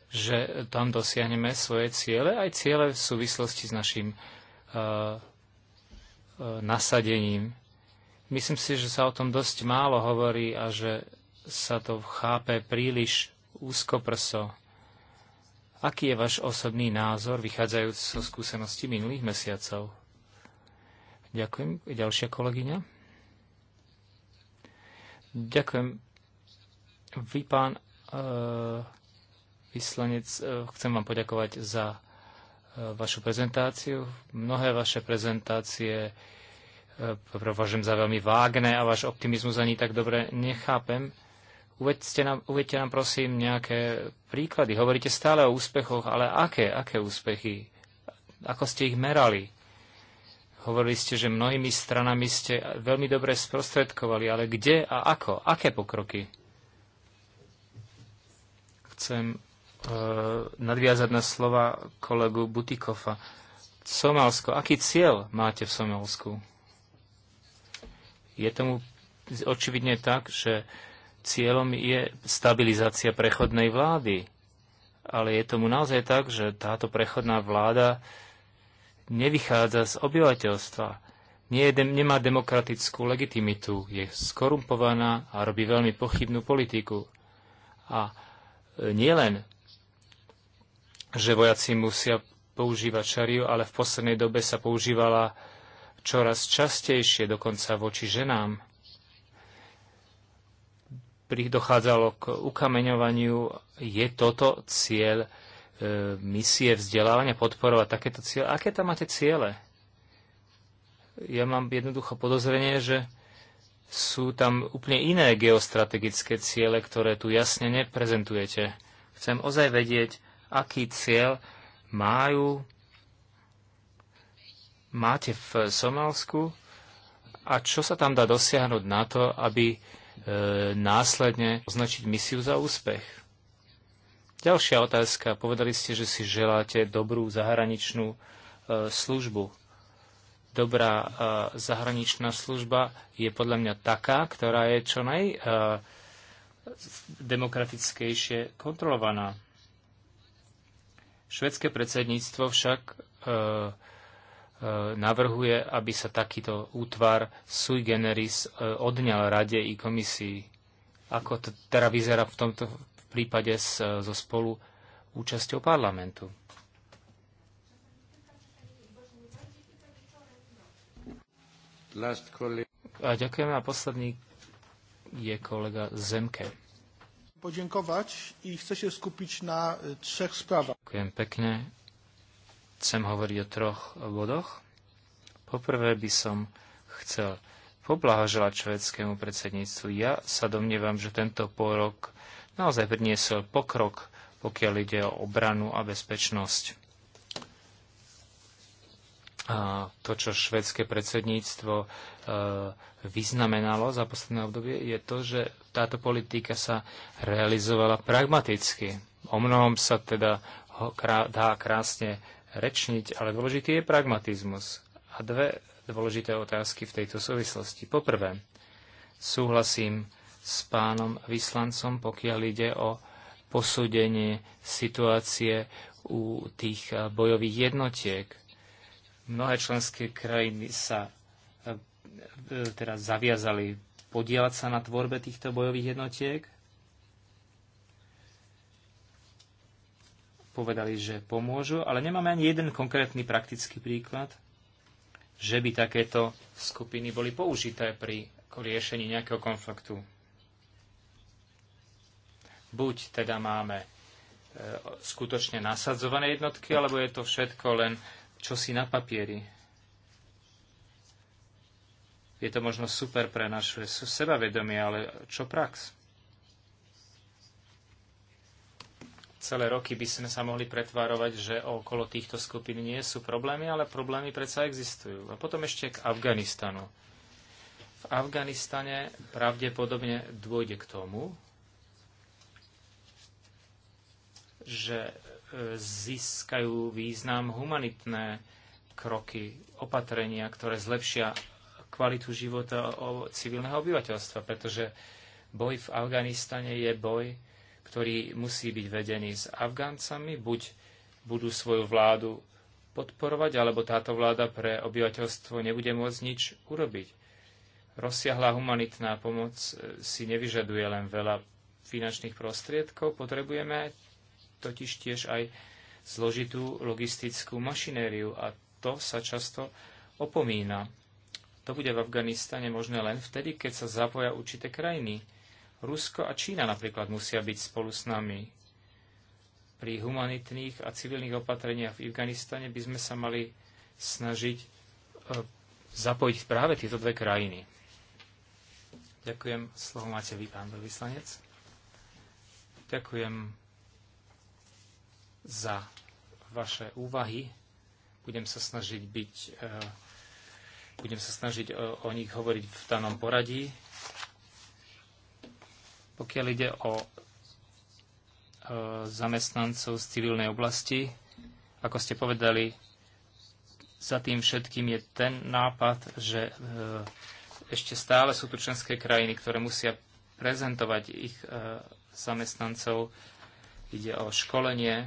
že tam dosiahneme svoje ciele, aj ciele v súvislosti s našim uh, nasadením. Myslím si, že sa o tom dosť málo hovorí a že sa to chápe príliš úzkoprso. Aký je váš osobný názor vychádzajúc zo so skúseností minulých mesiacov? Ďakujem. Ďalšia kolegyňa. Ďakujem. Vy, pán e, vyslanec, e, chcem vám poďakovať za e, vašu prezentáciu. Mnohé vaše prezentácie e, považujem za veľmi vágne a váš optimizmus ani tak dobre nechápem. Uvedzte nám, uvedte nám prosím nejaké príklady. Hovoríte stále o úspechoch, ale aké, aké úspechy? Ako ste ich merali? Hovorili ste, že mnohými stranami ste veľmi dobre sprostredkovali, ale kde a ako? Aké pokroky? Chcem e, nadviazať na slova kolegu Butikofa. Somálsko, aký cieľ máte v Somálsku? Je tomu očividne tak, že cieľom je stabilizácia prechodnej vlády. Ale je tomu naozaj tak, že táto prechodná vláda e, nevychádza z obyvateľstva. Nie je, nemá demokratickú legitimitu, je skorumpovaná a robí veľmi pochybnú politiku. A e, nielen, že vojaci musia používať šariu, ale v poslednej dobe sa používala čoraz častejšie, dokonca voči ženám. Dochádzalo k ukameňovaniu. Je toto cieľ E, misie vzdelávania podporovať takéto ciele. Aké tam máte ciele? Ja mám jednoducho podozrenie, že sú tam úplne iné geostrategické ciele, ktoré tu jasne neprezentujete. Chcem ozaj vedieť, aký cieľ majú, máte v Somálsku a čo sa tam dá dosiahnuť na to, aby e, následne označiť misiu za úspech. Ďalšia otázka. Povedali ste, že si želáte dobrú zahraničnú e, službu. Dobrá e, zahraničná služba je podľa mňa taká, ktorá je čo najdemokratickejšie e, kontrolovaná. Švedské predsedníctvo však e, e, navrhuje, aby sa takýto útvar sui generis e, odňal rade i komisii. Ako to teda vyzerá v tomto prípade so spolu účasťou parlamentu. A ďakujem a posledný je kolega Zemke. Poďakovať i chce sa skupiť na e, třech správach. Ďakujem pekne. Chcem hovoriť o troch bodoch. Poprvé by som chcel poblahoželať švedskému predsedníctvu. Ja sa domnievam, že tento porok naozaj priniesol pokrok, pokiaľ ide o obranu a bezpečnosť. A to, čo švedské predsedníctvo e, vyznamenalo za posledné obdobie, je to, že táto politika sa realizovala pragmaticky. O mnohom sa teda dá krásne rečniť, ale dôležitý je pragmatizmus. A dve dôležité otázky v tejto súvislosti. Poprvé, súhlasím s pánom vyslancom, pokiaľ ide o posúdenie situácie u tých eh, bojových jednotiek. Mnohé členské krajiny sa eh, eh, teda zaviazali podielať sa na tvorbe týchto bojových jednotiek. Povedali, že pomôžu, ale nemáme ani jeden konkrétny praktický príklad, že by takéto skupiny boli použité pri riešení nejakého konfliktu. Buď teda máme e, skutočne nasadzované jednotky, alebo je to všetko len čosi na papieri. Je to možno super pre naše sebavedomie, ale čo prax? Celé roky by sme sa mohli pretvárovať, že okolo týchto skupín nie sú problémy, ale problémy predsa existujú. A potom ešte k Afganistanu. V Afganistane pravdepodobne dôjde k tomu, že e, získajú význam humanitné kroky, opatrenia, ktoré zlepšia kvalitu života civilného obyvateľstva, pretože boj v Afganistane je boj, ktorý musí byť vedený s Afgáncami, buď budú svoju vládu podporovať, alebo táto vláda pre obyvateľstvo nebude môcť nič urobiť. Rozsiahla humanitná pomoc e, si nevyžaduje len veľa finančných prostriedkov, potrebujeme totiž tiež aj zložitú logistickú mašinériu a to sa často opomína. To bude v Afganistane možné len vtedy, keď sa zapoja určité krajiny. Rusko a Čína napríklad musia byť spolu s nami. Pri humanitných a civilných opatreniach v Afganistane by sme sa mali snažiť e, zapojiť práve tieto dve krajiny. Ďakujem. Slovo máte vy, pán vyslanec. Ďakujem za vaše úvahy. Budem sa snažiť byť e, budem sa snažiť o, e, o nich hovoriť v danom poradí. Pokiaľ ide o e, zamestnancov z civilnej oblasti. Ako ste povedali, za tým všetkým je ten nápad, že ešte stále sú tu členské krajiny, ktoré musia prezentovať ich zamestnancov. Ide o školenie,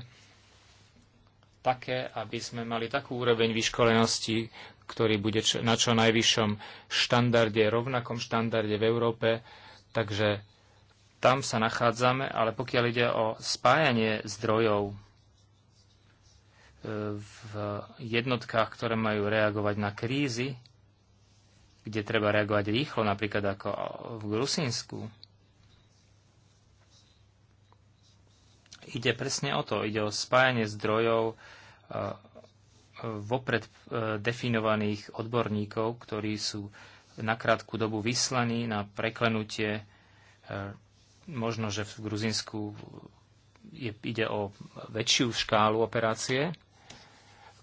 také, aby sme mali takú úroveň vyškolenosti, ktorý bude na čo najvyššom štandarde, rovnakom štandarde v Európe. Takže tam sa nachádzame, ale pokiaľ ide o spájanie zdrojov e, v jednotkách, ktoré majú reagovať na krízy, kde treba reagovať rýchlo, napríklad ako v Grusinsku, ide presne o to. Ide o spájanie zdrojov e, vopred e, definovaných odborníkov, ktorí sú na krátku dobu vyslaní na preklenutie. E, možno, že v Gruzinsku je, ide o väčšiu škálu operácie.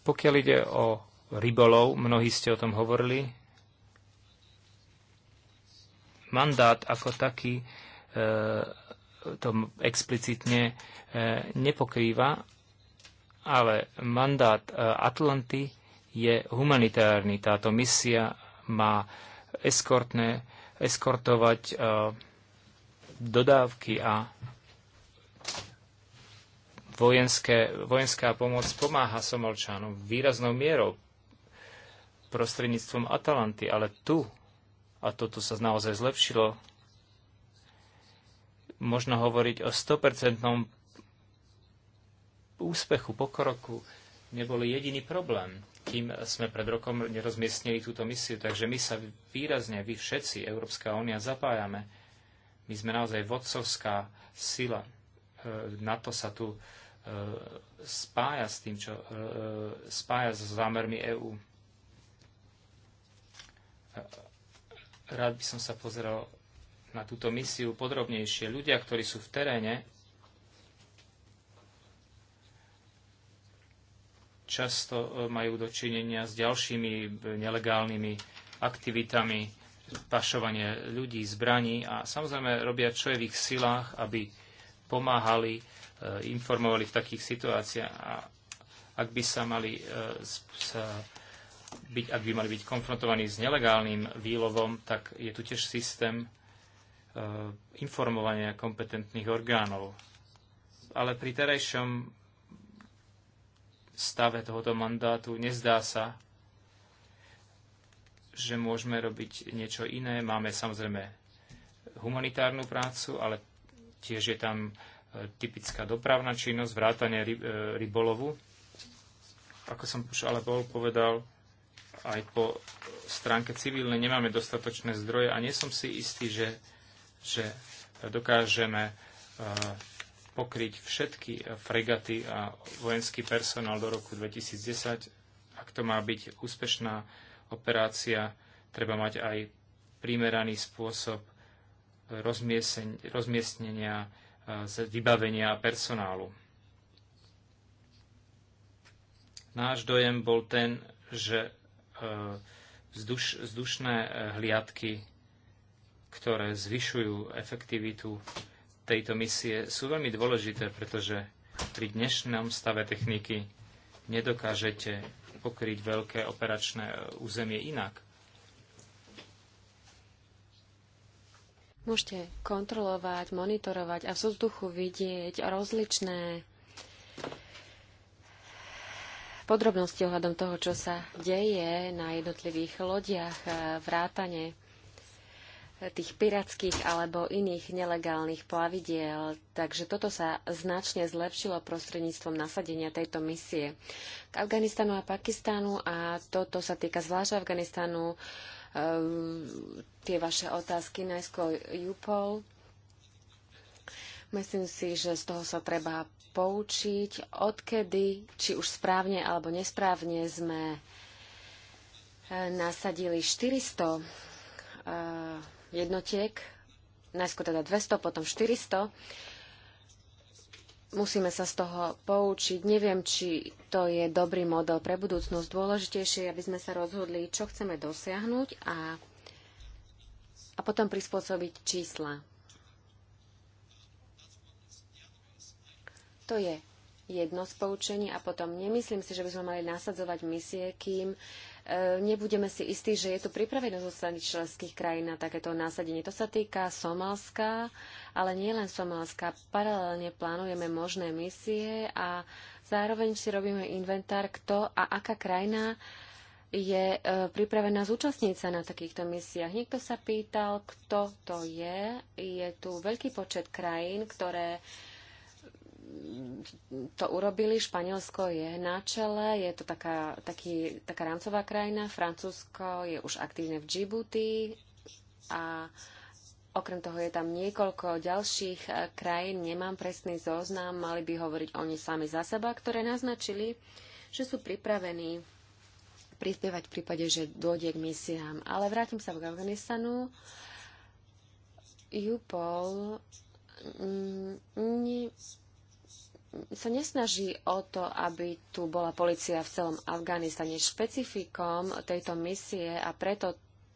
Pokiaľ ide o rybolov, mnohí ste o tom hovorili, mandát ako taký e, tom explicitne e, nepokrýva, ale mandát e, Atlanty je humanitárny. Táto misia má eskortné, eskortovať e, dodávky a vojenské, vojenská pomoc pomáha Somolčanom výraznou mierou prostredníctvom Atalanty, ale tu, a toto sa naozaj zlepšilo, možno hovoriť o 100% úspechu, pokroku, neboli jediný problém, kým sme pred rokom nerozmiestnili túto misiu. Takže my sa výrazne, vy všetci, Európska únia, zapájame. My sme naozaj vodcovská sila. E, Na to sa tu e, spája s tým, čo e, spája s zámermi EÚ. Rád by som sa pozeral na túto misiu podrobnejšie. Ľudia, ktorí sú v teréne, často e, majú dočinenia s ďalšími e, nelegálnymi aktivitami, pašovanie ľudí, zbraní a samozrejme robia, čo je v ich silách, aby pomáhali, e, informovali v takých situáciách a ak by sa mali sa byť, ak by mali byť konfrontovaní s nelegálnym výlovom, tak je tu tiež systém, Eh, informovania kompetentných orgánov. Ale pri terajšom stave tohoto mandátu nezdá sa, že môžeme robiť niečo iné. Máme samozrejme humanitárnu prácu, ale tiež je tam eh, typická dopravná činnosť, vrátanie eh, rybolovu. Ako som už ale bol povedal, aj po stránke civilnej nemáme dostatočné zdroje a nie som si istý, že že dokážeme e, pokryť všetky fregaty a vojenský personál do roku 2010. Ak to má byť úspešná operácia, treba mať aj primeraný spôsob rozmiestnenia e, vybavenia personálu. Náš dojem bol ten, že e, vzduš, vzdušné hliadky ktoré zvyšujú efektivitu tejto misie, sú veľmi dôležité, pretože pri dnešnom stave techniky nedokážete pokryť veľké operačné územie inak. Môžete kontrolovať, monitorovať a v vzduchu vidieť rozličné podrobnosti ohľadom toho, čo sa deje na jednotlivých lodiach, vrátane tých pirátskych alebo iných nelegálnych plavidiel. Takže toto sa značne zlepšilo prostredníctvom nasadenia tejto misie k Afganistanu a Pakistánu a toto sa týka zvlášť Afganistanu. E, tie vaše otázky najskôr UPOL. Myslím si, že z toho sa treba poučiť, odkedy, či už správne alebo nesprávne sme e, nasadili 400 jednotiek, najskôr teda 200, potom 400. Musíme sa z toho poučiť. Neviem, či to je dobrý model pre budúcnosť. Dôležitejšie je, aby sme sa rozhodli, čo chceme dosiahnuť a, a potom prispôsobiť čísla. To je jedno z poučení a potom nemyslím si, že by sme mali nasadzovať misie, kým uh, E, nebudeme si istí, že je tu pripravenosť zo strany členských krajín na takéto násadenie. To sa týka Somálska, ale nie len Somálska. Paralelne plánujeme možné misie a zároveň si robíme inventár, kto a aká krajina je e, pripravená zúčastniť sa na takýchto misiách. Niekto sa pýtal, kto to je. Je tu veľký počet krajín, ktoré to urobili. Španielsko je na čele, je to taká, taký, taká rámcová krajina. Francúzsko je už aktívne v Djibouti a okrem toho je tam niekoľko ďalších e, krajín. Nemám presný zoznam, mali by hovoriť oni sami za seba, ktoré naznačili, že sú pripravení prispievať v prípade, že dôjde k misiám. Ale vrátim sa k Afganistanu. UPOL mm, sa nesnaží o to, aby tu bola policia v celom Afganistane. Špecifikom tejto misie a preto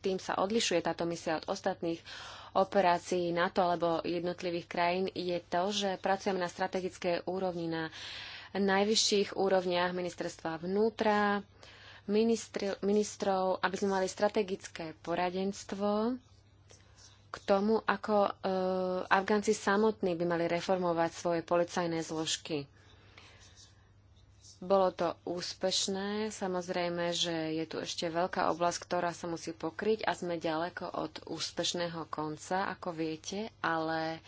tým sa odlišuje táto misia od ostatných operácií NATO alebo jednotlivých krajín, je to, že pracujeme na strategickej úrovni, na najvyšších úrovniach ministerstva vnútra, ministrov, aby sme mali strategické poradenstvo k tomu, ako e, Afgánci samotní by mali reformovať svoje policajné zložky. Bolo to úspešné, samozrejme, že je tu ešte veľká oblasť, ktorá sa musí pokryť a sme ďaleko od úspešného konca, ako viete, ale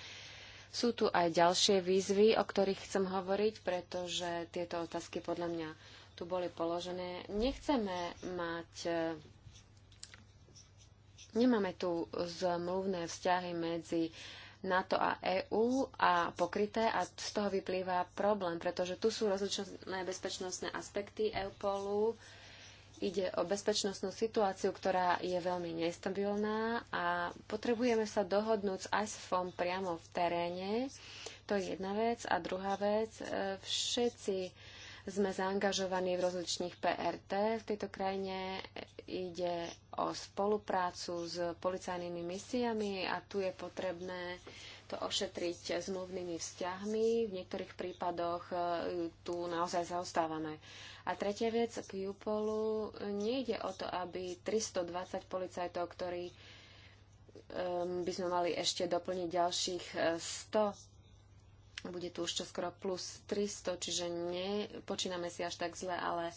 sú tu aj ďalšie výzvy, o ktorých chcem hovoriť, pretože tieto otázky podľa mňa tu boli položené. Nechceme mať e, Nemáme tu zmluvné vzťahy medzi NATO a EÚ a pokryté a z toho vyplýva problém, pretože tu sú rozličné bezpečnostné aspekty EUPOLu. Ide o bezpečnostnú situáciu, ktorá je veľmi nestabilná a potrebujeme sa dohodnúť s ISFom priamo v teréne. To je jedna vec. A druhá vec, e, všetci sme zaangažovaní v rozličných PRT v tejto krajine. Ide o spoluprácu s policajnými misiami a tu je potrebné to ošetriť zmluvnými vzťahmi. V niektorých prípadoch e, tu naozaj zaostávame. A tretia vec, k Jupolu nejde o to, aby 320 policajtov, ktorí e, by sme mali ešte doplniť ďalších 100 e, bude tu už čoskoro plus 300, čiže nepočíname si až tak zle, ale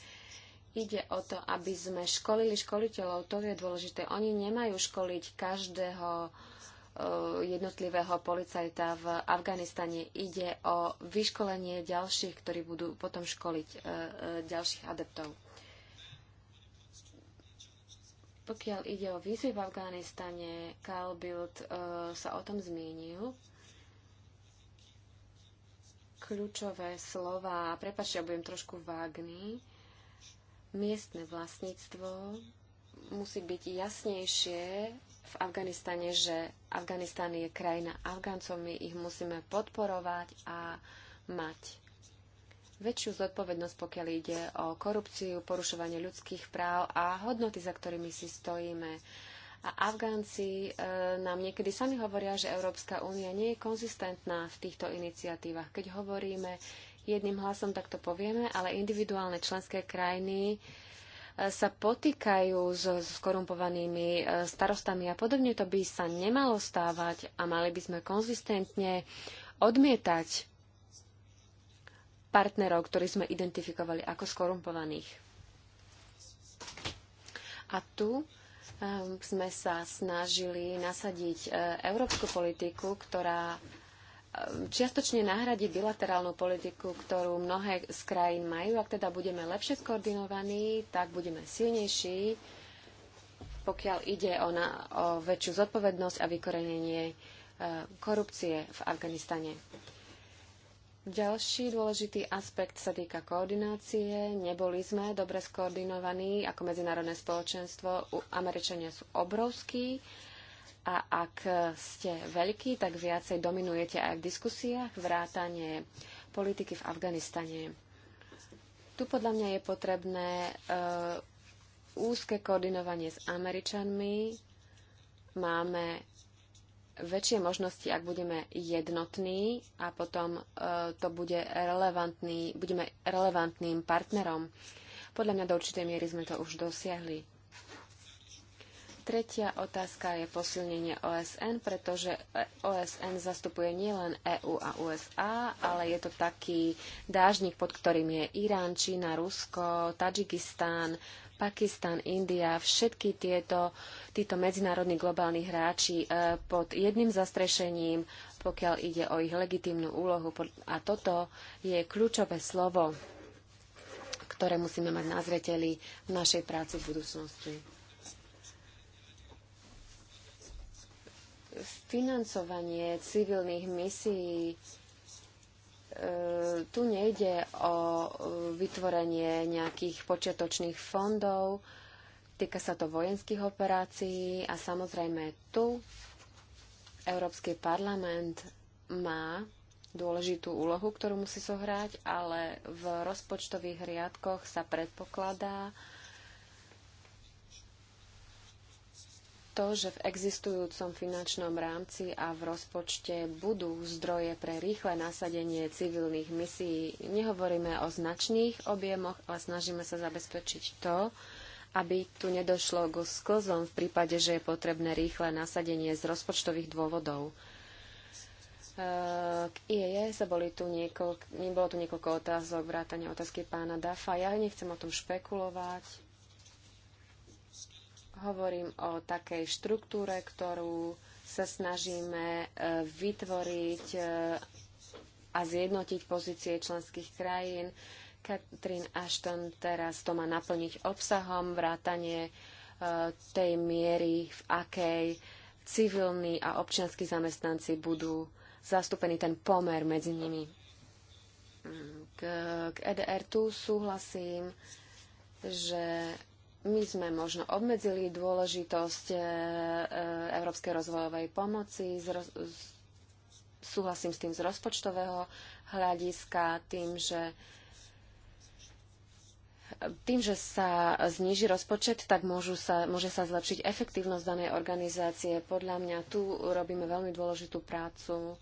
ide o to, aby sme školili školiteľov. To je dôležité. Oni nemajú školiť každého eh, jednotlivého policajta v Afganistane. Ide o vyškolenie ďalších, ktorí budú potom školiť eh, eh, ďalších adeptov. Pokiaľ ide o výzvy v Afganistane, Carl Bild sa o tom zmienil kľúčové slova. Prepačte, ja budem trošku vágný. Miestne vlastníctvo musí byť jasnejšie v Afganistane, že Afganistan je krajina Afgáncov, my ich musíme podporovať a mať väčšiu zodpovednosť, pokiaľ ide o korupciu, porušovanie ľudských práv a hodnoty, za ktorými si stojíme. A Afgánci e, nám niekedy sami hovoria, že Európska únia nie je konzistentná v týchto iniciatívach. Keď hovoríme jedným hlasom, tak to povieme, ale individuálne členské krajiny e, sa potýkajú s skorumpovanými e, starostami a podobne. To by sa nemalo stávať a mali by sme konzistentne odmietať partnerov, ktorí sme identifikovali ako skorumpovaných. A tu Ehm, sme sa snažili nasadiť e, európsku politiku, ktorá ehm, čiastočne nahradí bilaterálnu politiku, ktorú mnohé z krajín majú. Ak teda budeme lepšie skoordinovaní, tak budeme silnejší, pokiaľ ide o, na, o väčšiu zodpovednosť a vykorenenie e, korupcie v Afganistane. Ďalší dôležitý aspekt sa týka koordinácie. Neboli sme dobre skoordinovaní ako medzinárodné spoločenstvo. Američania sú obrovskí a ak ste veľkí, tak viacej dominujete aj v diskusiách, vrátane politiky v Afganistane. Tu podľa mňa je potrebné e, úzke koordinovanie s Američanmi. Máme väčšie možnosti, ak budeme jednotní a potom e, to bude relevantný, budeme relevantným partnerom. Podľa mňa do určitej miery sme to už dosiahli. Tretia otázka je posilnenie OSN, pretože OSN zastupuje nielen EÚ a USA, ale je to taký dážnik, pod ktorým je Irán, Čína, Rusko, Tadžikistán, Pakistan, India, všetky tieto, títo medzinárodní globálni hráči e, pod jedným zastrešením, pokiaľ ide o ich legitímnu úlohu. A toto je kľúčové slovo, ktoré musíme mať na zreteli v našej práci v budúcnosti. Financovanie civilných misií E, tu nejde o vytvorenie nejakých počiatočných fondov, týka sa to vojenských operácií a samozrejme tu Európsky parlament má dôležitú úlohu, ktorú musí zohrať, ale v rozpočtových riadkoch sa predpokladá, to, že v existujúcom finančnom rámci a v rozpočte budú zdroje pre rýchle nasadenie civilných misií. Nehovoríme o značných objemoch, ale snažíme sa zabezpečiť to, aby tu nedošlo k sklzom v prípade, že je potrebné rýchle nasadenie z rozpočtových dôvodov. K IEE sa boli tu niekoľko, bolo tu niekoľko otázok, vrátane otázky pána Dafa. Ja nechcem o tom špekulovať Hovorím o takej štruktúre, ktorú sa snažíme e, vytvoriť e, a zjednotiť pozície členských krajín. Katrin Ashton teraz to má naplniť obsahom, vrátanie e, tej miery, v akej civilní a občianskí zamestnanci budú zastúpení, ten pomer medzi nimi. Mm, k EDR tu súhlasím, že my sme možno obmedzili dôležitosť e, e, Európskej rozvojovej pomoci, z, z, súhlasím s tým z rozpočtového hľadiska, tým, že tým, že sa zníži rozpočet, tak môžu sa, môže sa zlepšiť efektívnosť danej organizácie. Podľa mňa tu robíme veľmi dôležitú prácu.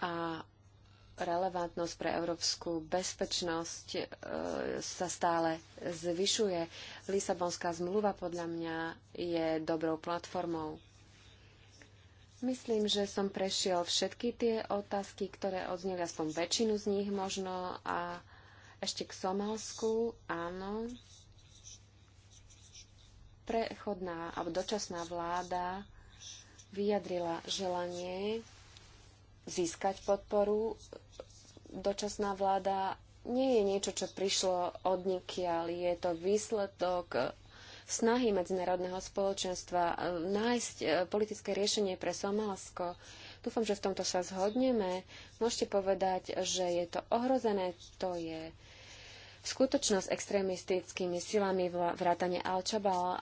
A relevantnosť pre európsku bezpečnosť e, sa stále zvyšuje. Lisabonská zmluva podľa mňa je dobrou platformou. Myslím, že som prešiel všetky tie otázky, ktoré odzneli, aspoň väčšinu z nich možno. A ešte k Somálsku, áno. Prechodná alebo dočasná vláda vyjadrila želanie získať podporu. Dočasná vláda nie je niečo, čo prišlo od nikiaľ. Je to výsledok snahy medzinárodného spoločenstva nájsť e, politické riešenie pre Somálsko. Dúfam, že v tomto sa zhodneme. Môžete povedať, že je to ohrozené, to je skutočnosť extrémistickými silami vrátane al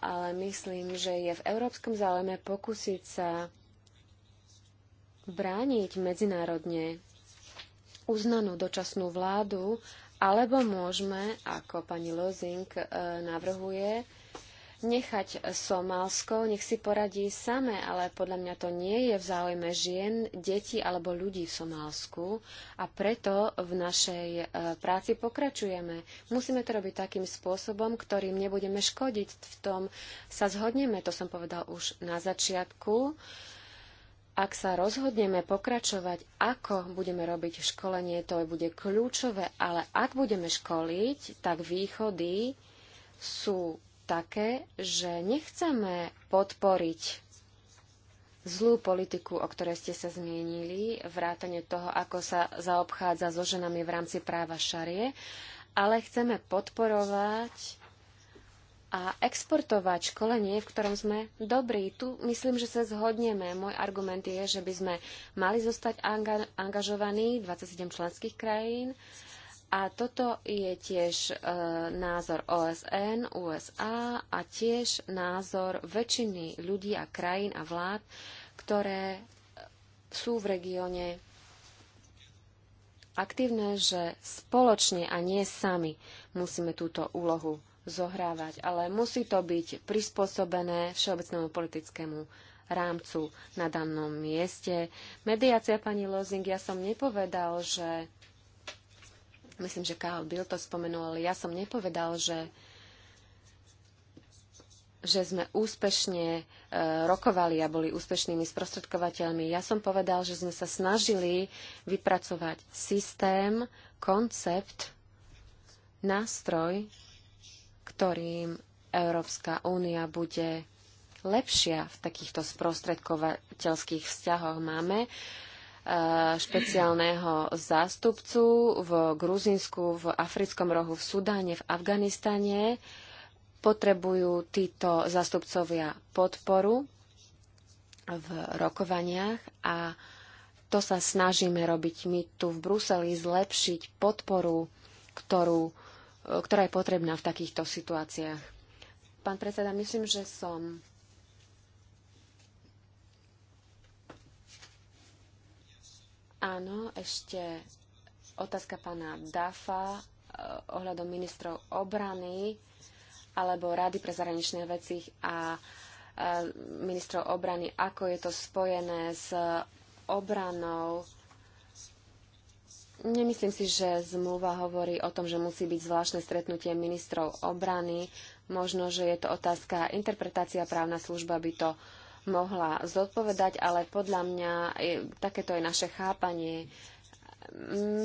ale myslím, že je v európskom záujme pokúsiť sa brániť medzinárodne uznanú dočasnú vládu, alebo môžeme, ako pani Lozing e, navrhuje, nechať Somálsko, nech si poradí samé, ale podľa mňa to nie je v záujme žien, detí alebo ľudí v Somálsku a preto v našej e, práci pokračujeme. Musíme to robiť takým spôsobom, ktorým nebudeme škodiť. V tom sa zhodneme, to som povedal už na začiatku. Uh, ak sa rozhodneme pokračovať, ako budeme robiť školenie, to bude kľúčové, ale ak budeme školiť, tak východy sú také, že nechceme podporiť zlú politiku, o ktorej ste sa zmienili, vrátane toho, ako sa zaobchádza so ženami v rámci práva šarie, ale chceme podporovať a exportovať školenie, v ktorom sme dobrí. Tu myslím, že sa zhodneme. Môj argument je, že by sme mali zostať anga- angažovaní 27 členských krajín. A toto je tiež e, názor OSN, USA a tiež názor väčšiny ľudí a krajín a vlád, ktoré sú v regióne aktívne, že spoločne a nie sami musíme túto úlohu zohrávať, ale musí to byť prispôsobené všeobecnému politickému rámcu na danom mieste. Mediácia pani Lozing, ja som nepovedal, že myslím, že Karl Bill to spomenul, ale ja som nepovedal, že že sme úspešne e, rokovali a boli úspešnými sprostredkovateľmi. Ja som povedal, že sme sa snažili vypracovať systém, koncept, nástroj, ktorým Európska únia bude lepšia v takýchto sprostredkovateľských vzťahoch. Máme e, špeciálneho zástupcu v Gruzinsku, v Africkom rohu, v Sudáne, v Afganistane. Potrebujú títo zástupcovia podporu v rokovaniach a to sa snažíme robiť my tu v Bruseli, zlepšiť podporu, ktorú ktorá je potrebná v takýchto situáciách. Pán predseda, myslím, že som Áno, ešte otázka pána Dafa e, ohľadom ministrov obrany alebo Rady pre zahraničné veci a e, ministrov obrany, ako je to spojené s obranou Nemyslím si, že zmluva hovorí o tom, že musí byť zvláštne stretnutie ministrov obrany. Možno, že je to otázka interpretácia právna služba by to mohla zodpovedať, ale podľa mňa takéto je naše chápanie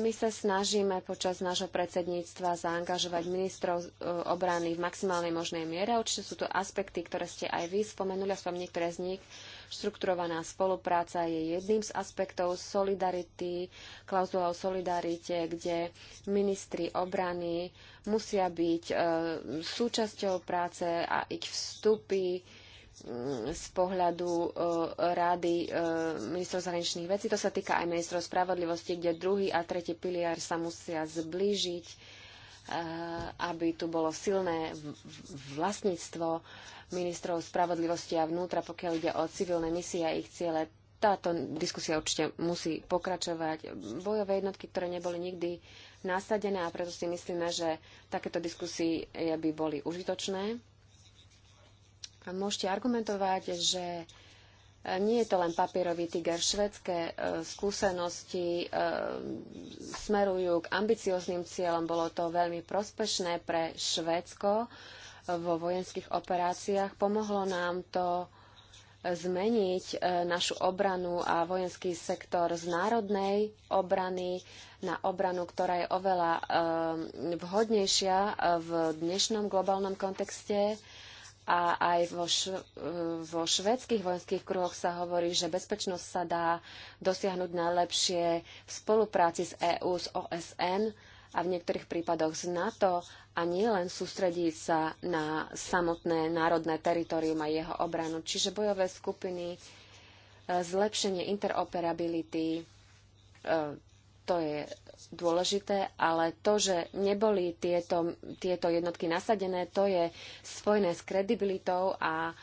my sa snažíme počas nášho predsedníctva zaangažovať ministrov e, obrany v maximálnej možnej miere. Určite sú to aspekty, ktoré ste aj vy spomenuli, aspoň niektoré z nich, Štrukturovaná spolupráca je jedným z aspektov solidarity, klauzula o solidarite, kde ministri obrany musia byť e, súčasťou práce a ich vstupy mm, z pohľadu e, rády e, ministrov zahraničných vecí. To sa týka aj ministrov spravodlivosti, kde druhý a tretí pilier sa musia zblížiť Eh, aby tu bolo silné vlastníctvo ministrov spravodlivosti a vnútra, pokiaľ ide o civilné misie a ich ciele. Táto diskusia určite musí pokračovať. Bojové jednotky, ktoré neboli nikdy nasadené a preto si myslíme, že takéto diskusie eh, by boli užitočné. A môžete argumentovať, že nie je to len papierový tiger. Švedské e, skúsenosti e, smerujú k ambiciózným cieľom. Bolo to veľmi prospešné pre Švédsko vo vojenských operáciách. Pomohlo nám to zmeniť e, našu obranu a vojenský sektor z národnej obrany na obranu, ktorá je oveľa vhodnejšia v dnešnom globálnom kontexte a aj vo, š- e, vo švedských vojenských kruhoch sa hovorí, že bezpečnosť sa dá dosiahnuť najlepšie v spolupráci s EÚ, s OSN a v niektorých prípadoch s NATO a nie len sústrediť sa na samotné národné teritorium a jeho obranu. Čiže bojové skupiny, e, zlepšenie interoperability, e, to je dôležité, ale to, že neboli tieto, tieto jednotky nasadené, to je spojené s kredibilitou a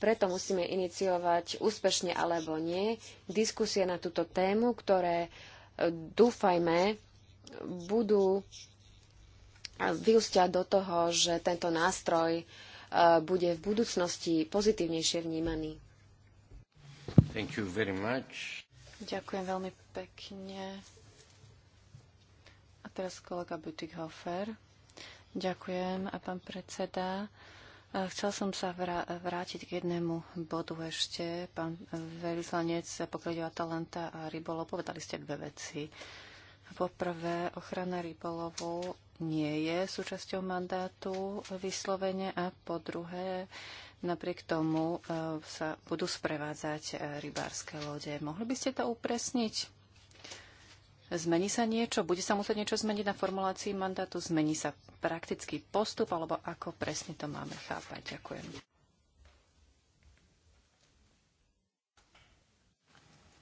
preto musíme iniciovať úspešne alebo nie diskusie na túto tému, ktoré e, dúfajme budú vyústiať do toho, že tento nástroj e, bude v budúcnosti pozitívnejšie vnímaný. Ďakujem veľmi pekne. Teraz kolega Butikhofer. Ďakujem, a pán predseda. Chcel som sa vrátiť k jednému bodu ešte. Pán veľvyslanec, pokiaľ ide o Atalanta a rybolov, povedali ste dve veci. Poprvé, ochrana rybolovu nie je súčasťou mandátu vyslovene a po druhé, napriek tomu e, sa budú sprevádzať e, rybárske lode. Mohli by ste to upresniť? Zmení sa niečo? Bude sa musieť niečo zmeniť na formulácii mandátu? Zmení sa praktický postup? Alebo ako presne to máme chápať? Ďakujem.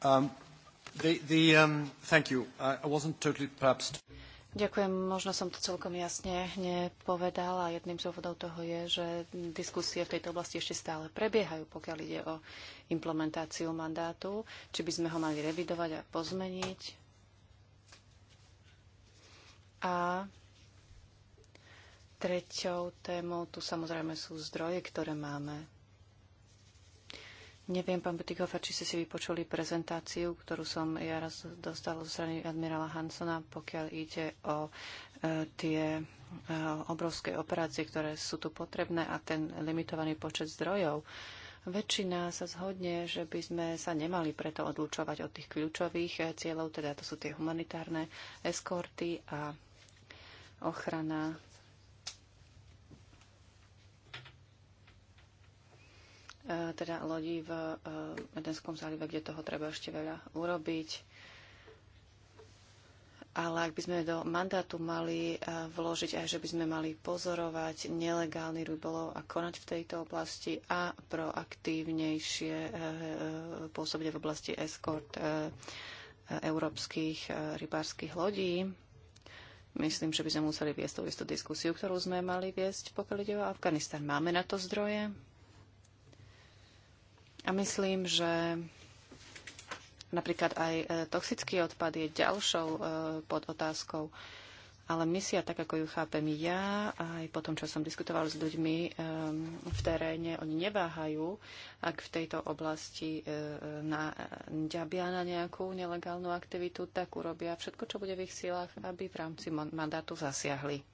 Um, the, the, um, thank you. I wasn't totally perhaps... Ďakujem. Možno som to celkom jasne nepovedal a Jedným z dôvodov toho je, že diskusie v tejto oblasti ešte stále prebiehajú, pokiaľ ide o implementáciu mandátu, či by sme ho mali revidovať a pozmeniť a treťou témou tu samozrejme sú zdroje, ktoré máme. Neviem, pán Butikofer, či ste si vypočuli prezentáciu, ktorú som ja raz dostal zo strany admirála Hansona, pokiaľ ide o e, tie e, obrovské operácie, ktoré sú tu potrebné a ten limitovaný počet zdrojov. Väčšina sa zhodne, že by sme sa nemali preto odlučovať od tých kľúčových e, cieľov, teda to sú tie humanitárne eskorty a ochrana e, teda lodí v e, Edenskom zálive, kde toho treba ešte veľa urobiť. Ale ak by sme do mandátu mali e, vložiť aj, že by sme mali pozorovať nelegálny rybolov a konať v tejto oblasti a proaktívnejšie pôsobiť v oblasti eskort európskych rybárskych lodí, Myslím, že by sme museli viesť tú istú diskusiu, ktorú sme mali viesť, pokiaľ ide o Afganistan. Máme na to zdroje. A myslím, že napríklad aj e, toxický odpad je ďalšou e, podotázkou. otázkou ale misia, tak ako ju chápem ja, aj po tom, čo som diskutoval s ľuďmi v teréne, oni neváhajú, ak v tejto oblasti e, na, ďabia na nejakú nelegálnu aktivitu, tak urobia všetko, čo bude v ich silách, aby v rámci mandátu zasiahli.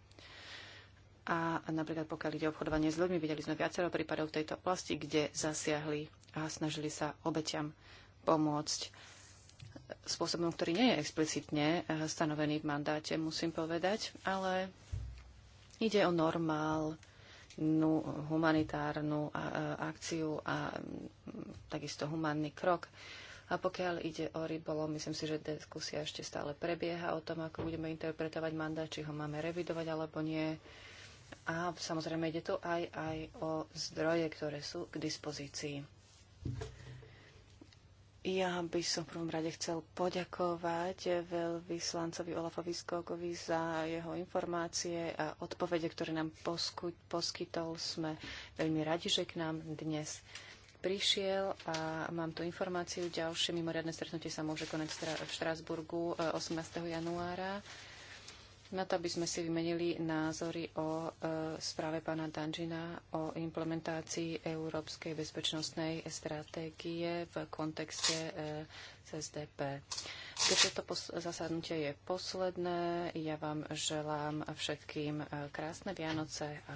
A napríklad pokiaľ ide obchodovanie s ľuďmi, videli sme viacero prípadov v tejto oblasti, kde zasiahli a snažili sa obeťam pomôcť spôsobom, ktorý nie je explicitne eh, stanovený v mandáte, musím povedať, ale ide o normál humanitárnu eh, akciu a mm, takisto humánny krok. A pokiaľ ide o rybolov, myslím si, že diskusia ešte stále prebieha o tom, ako budeme interpretovať mandát, či ho máme revidovať alebo nie. A samozrejme ide tu aj, aj o zdroje, ktoré sú k dispozícii. Ja by som v prvom rade chcel poďakovať veľvyslancovi Olafovi Skogovi za jeho informácie a odpovede, ktoré nám poskytol. Sme veľmi radi, že k nám dnes prišiel a mám tu informáciu. Ďalšie mimoriadne stretnutie sa môže konať v Štrásburgu 18. E, januára na to, aby sme si vymenili názory o e, správe pána Danžina o implementácii Európskej bezpečnostnej stratégie v kontekste e, CSDP. Keďže toto zasadnutie je posledné, ja vám želám všetkým e, krásne Vianoce a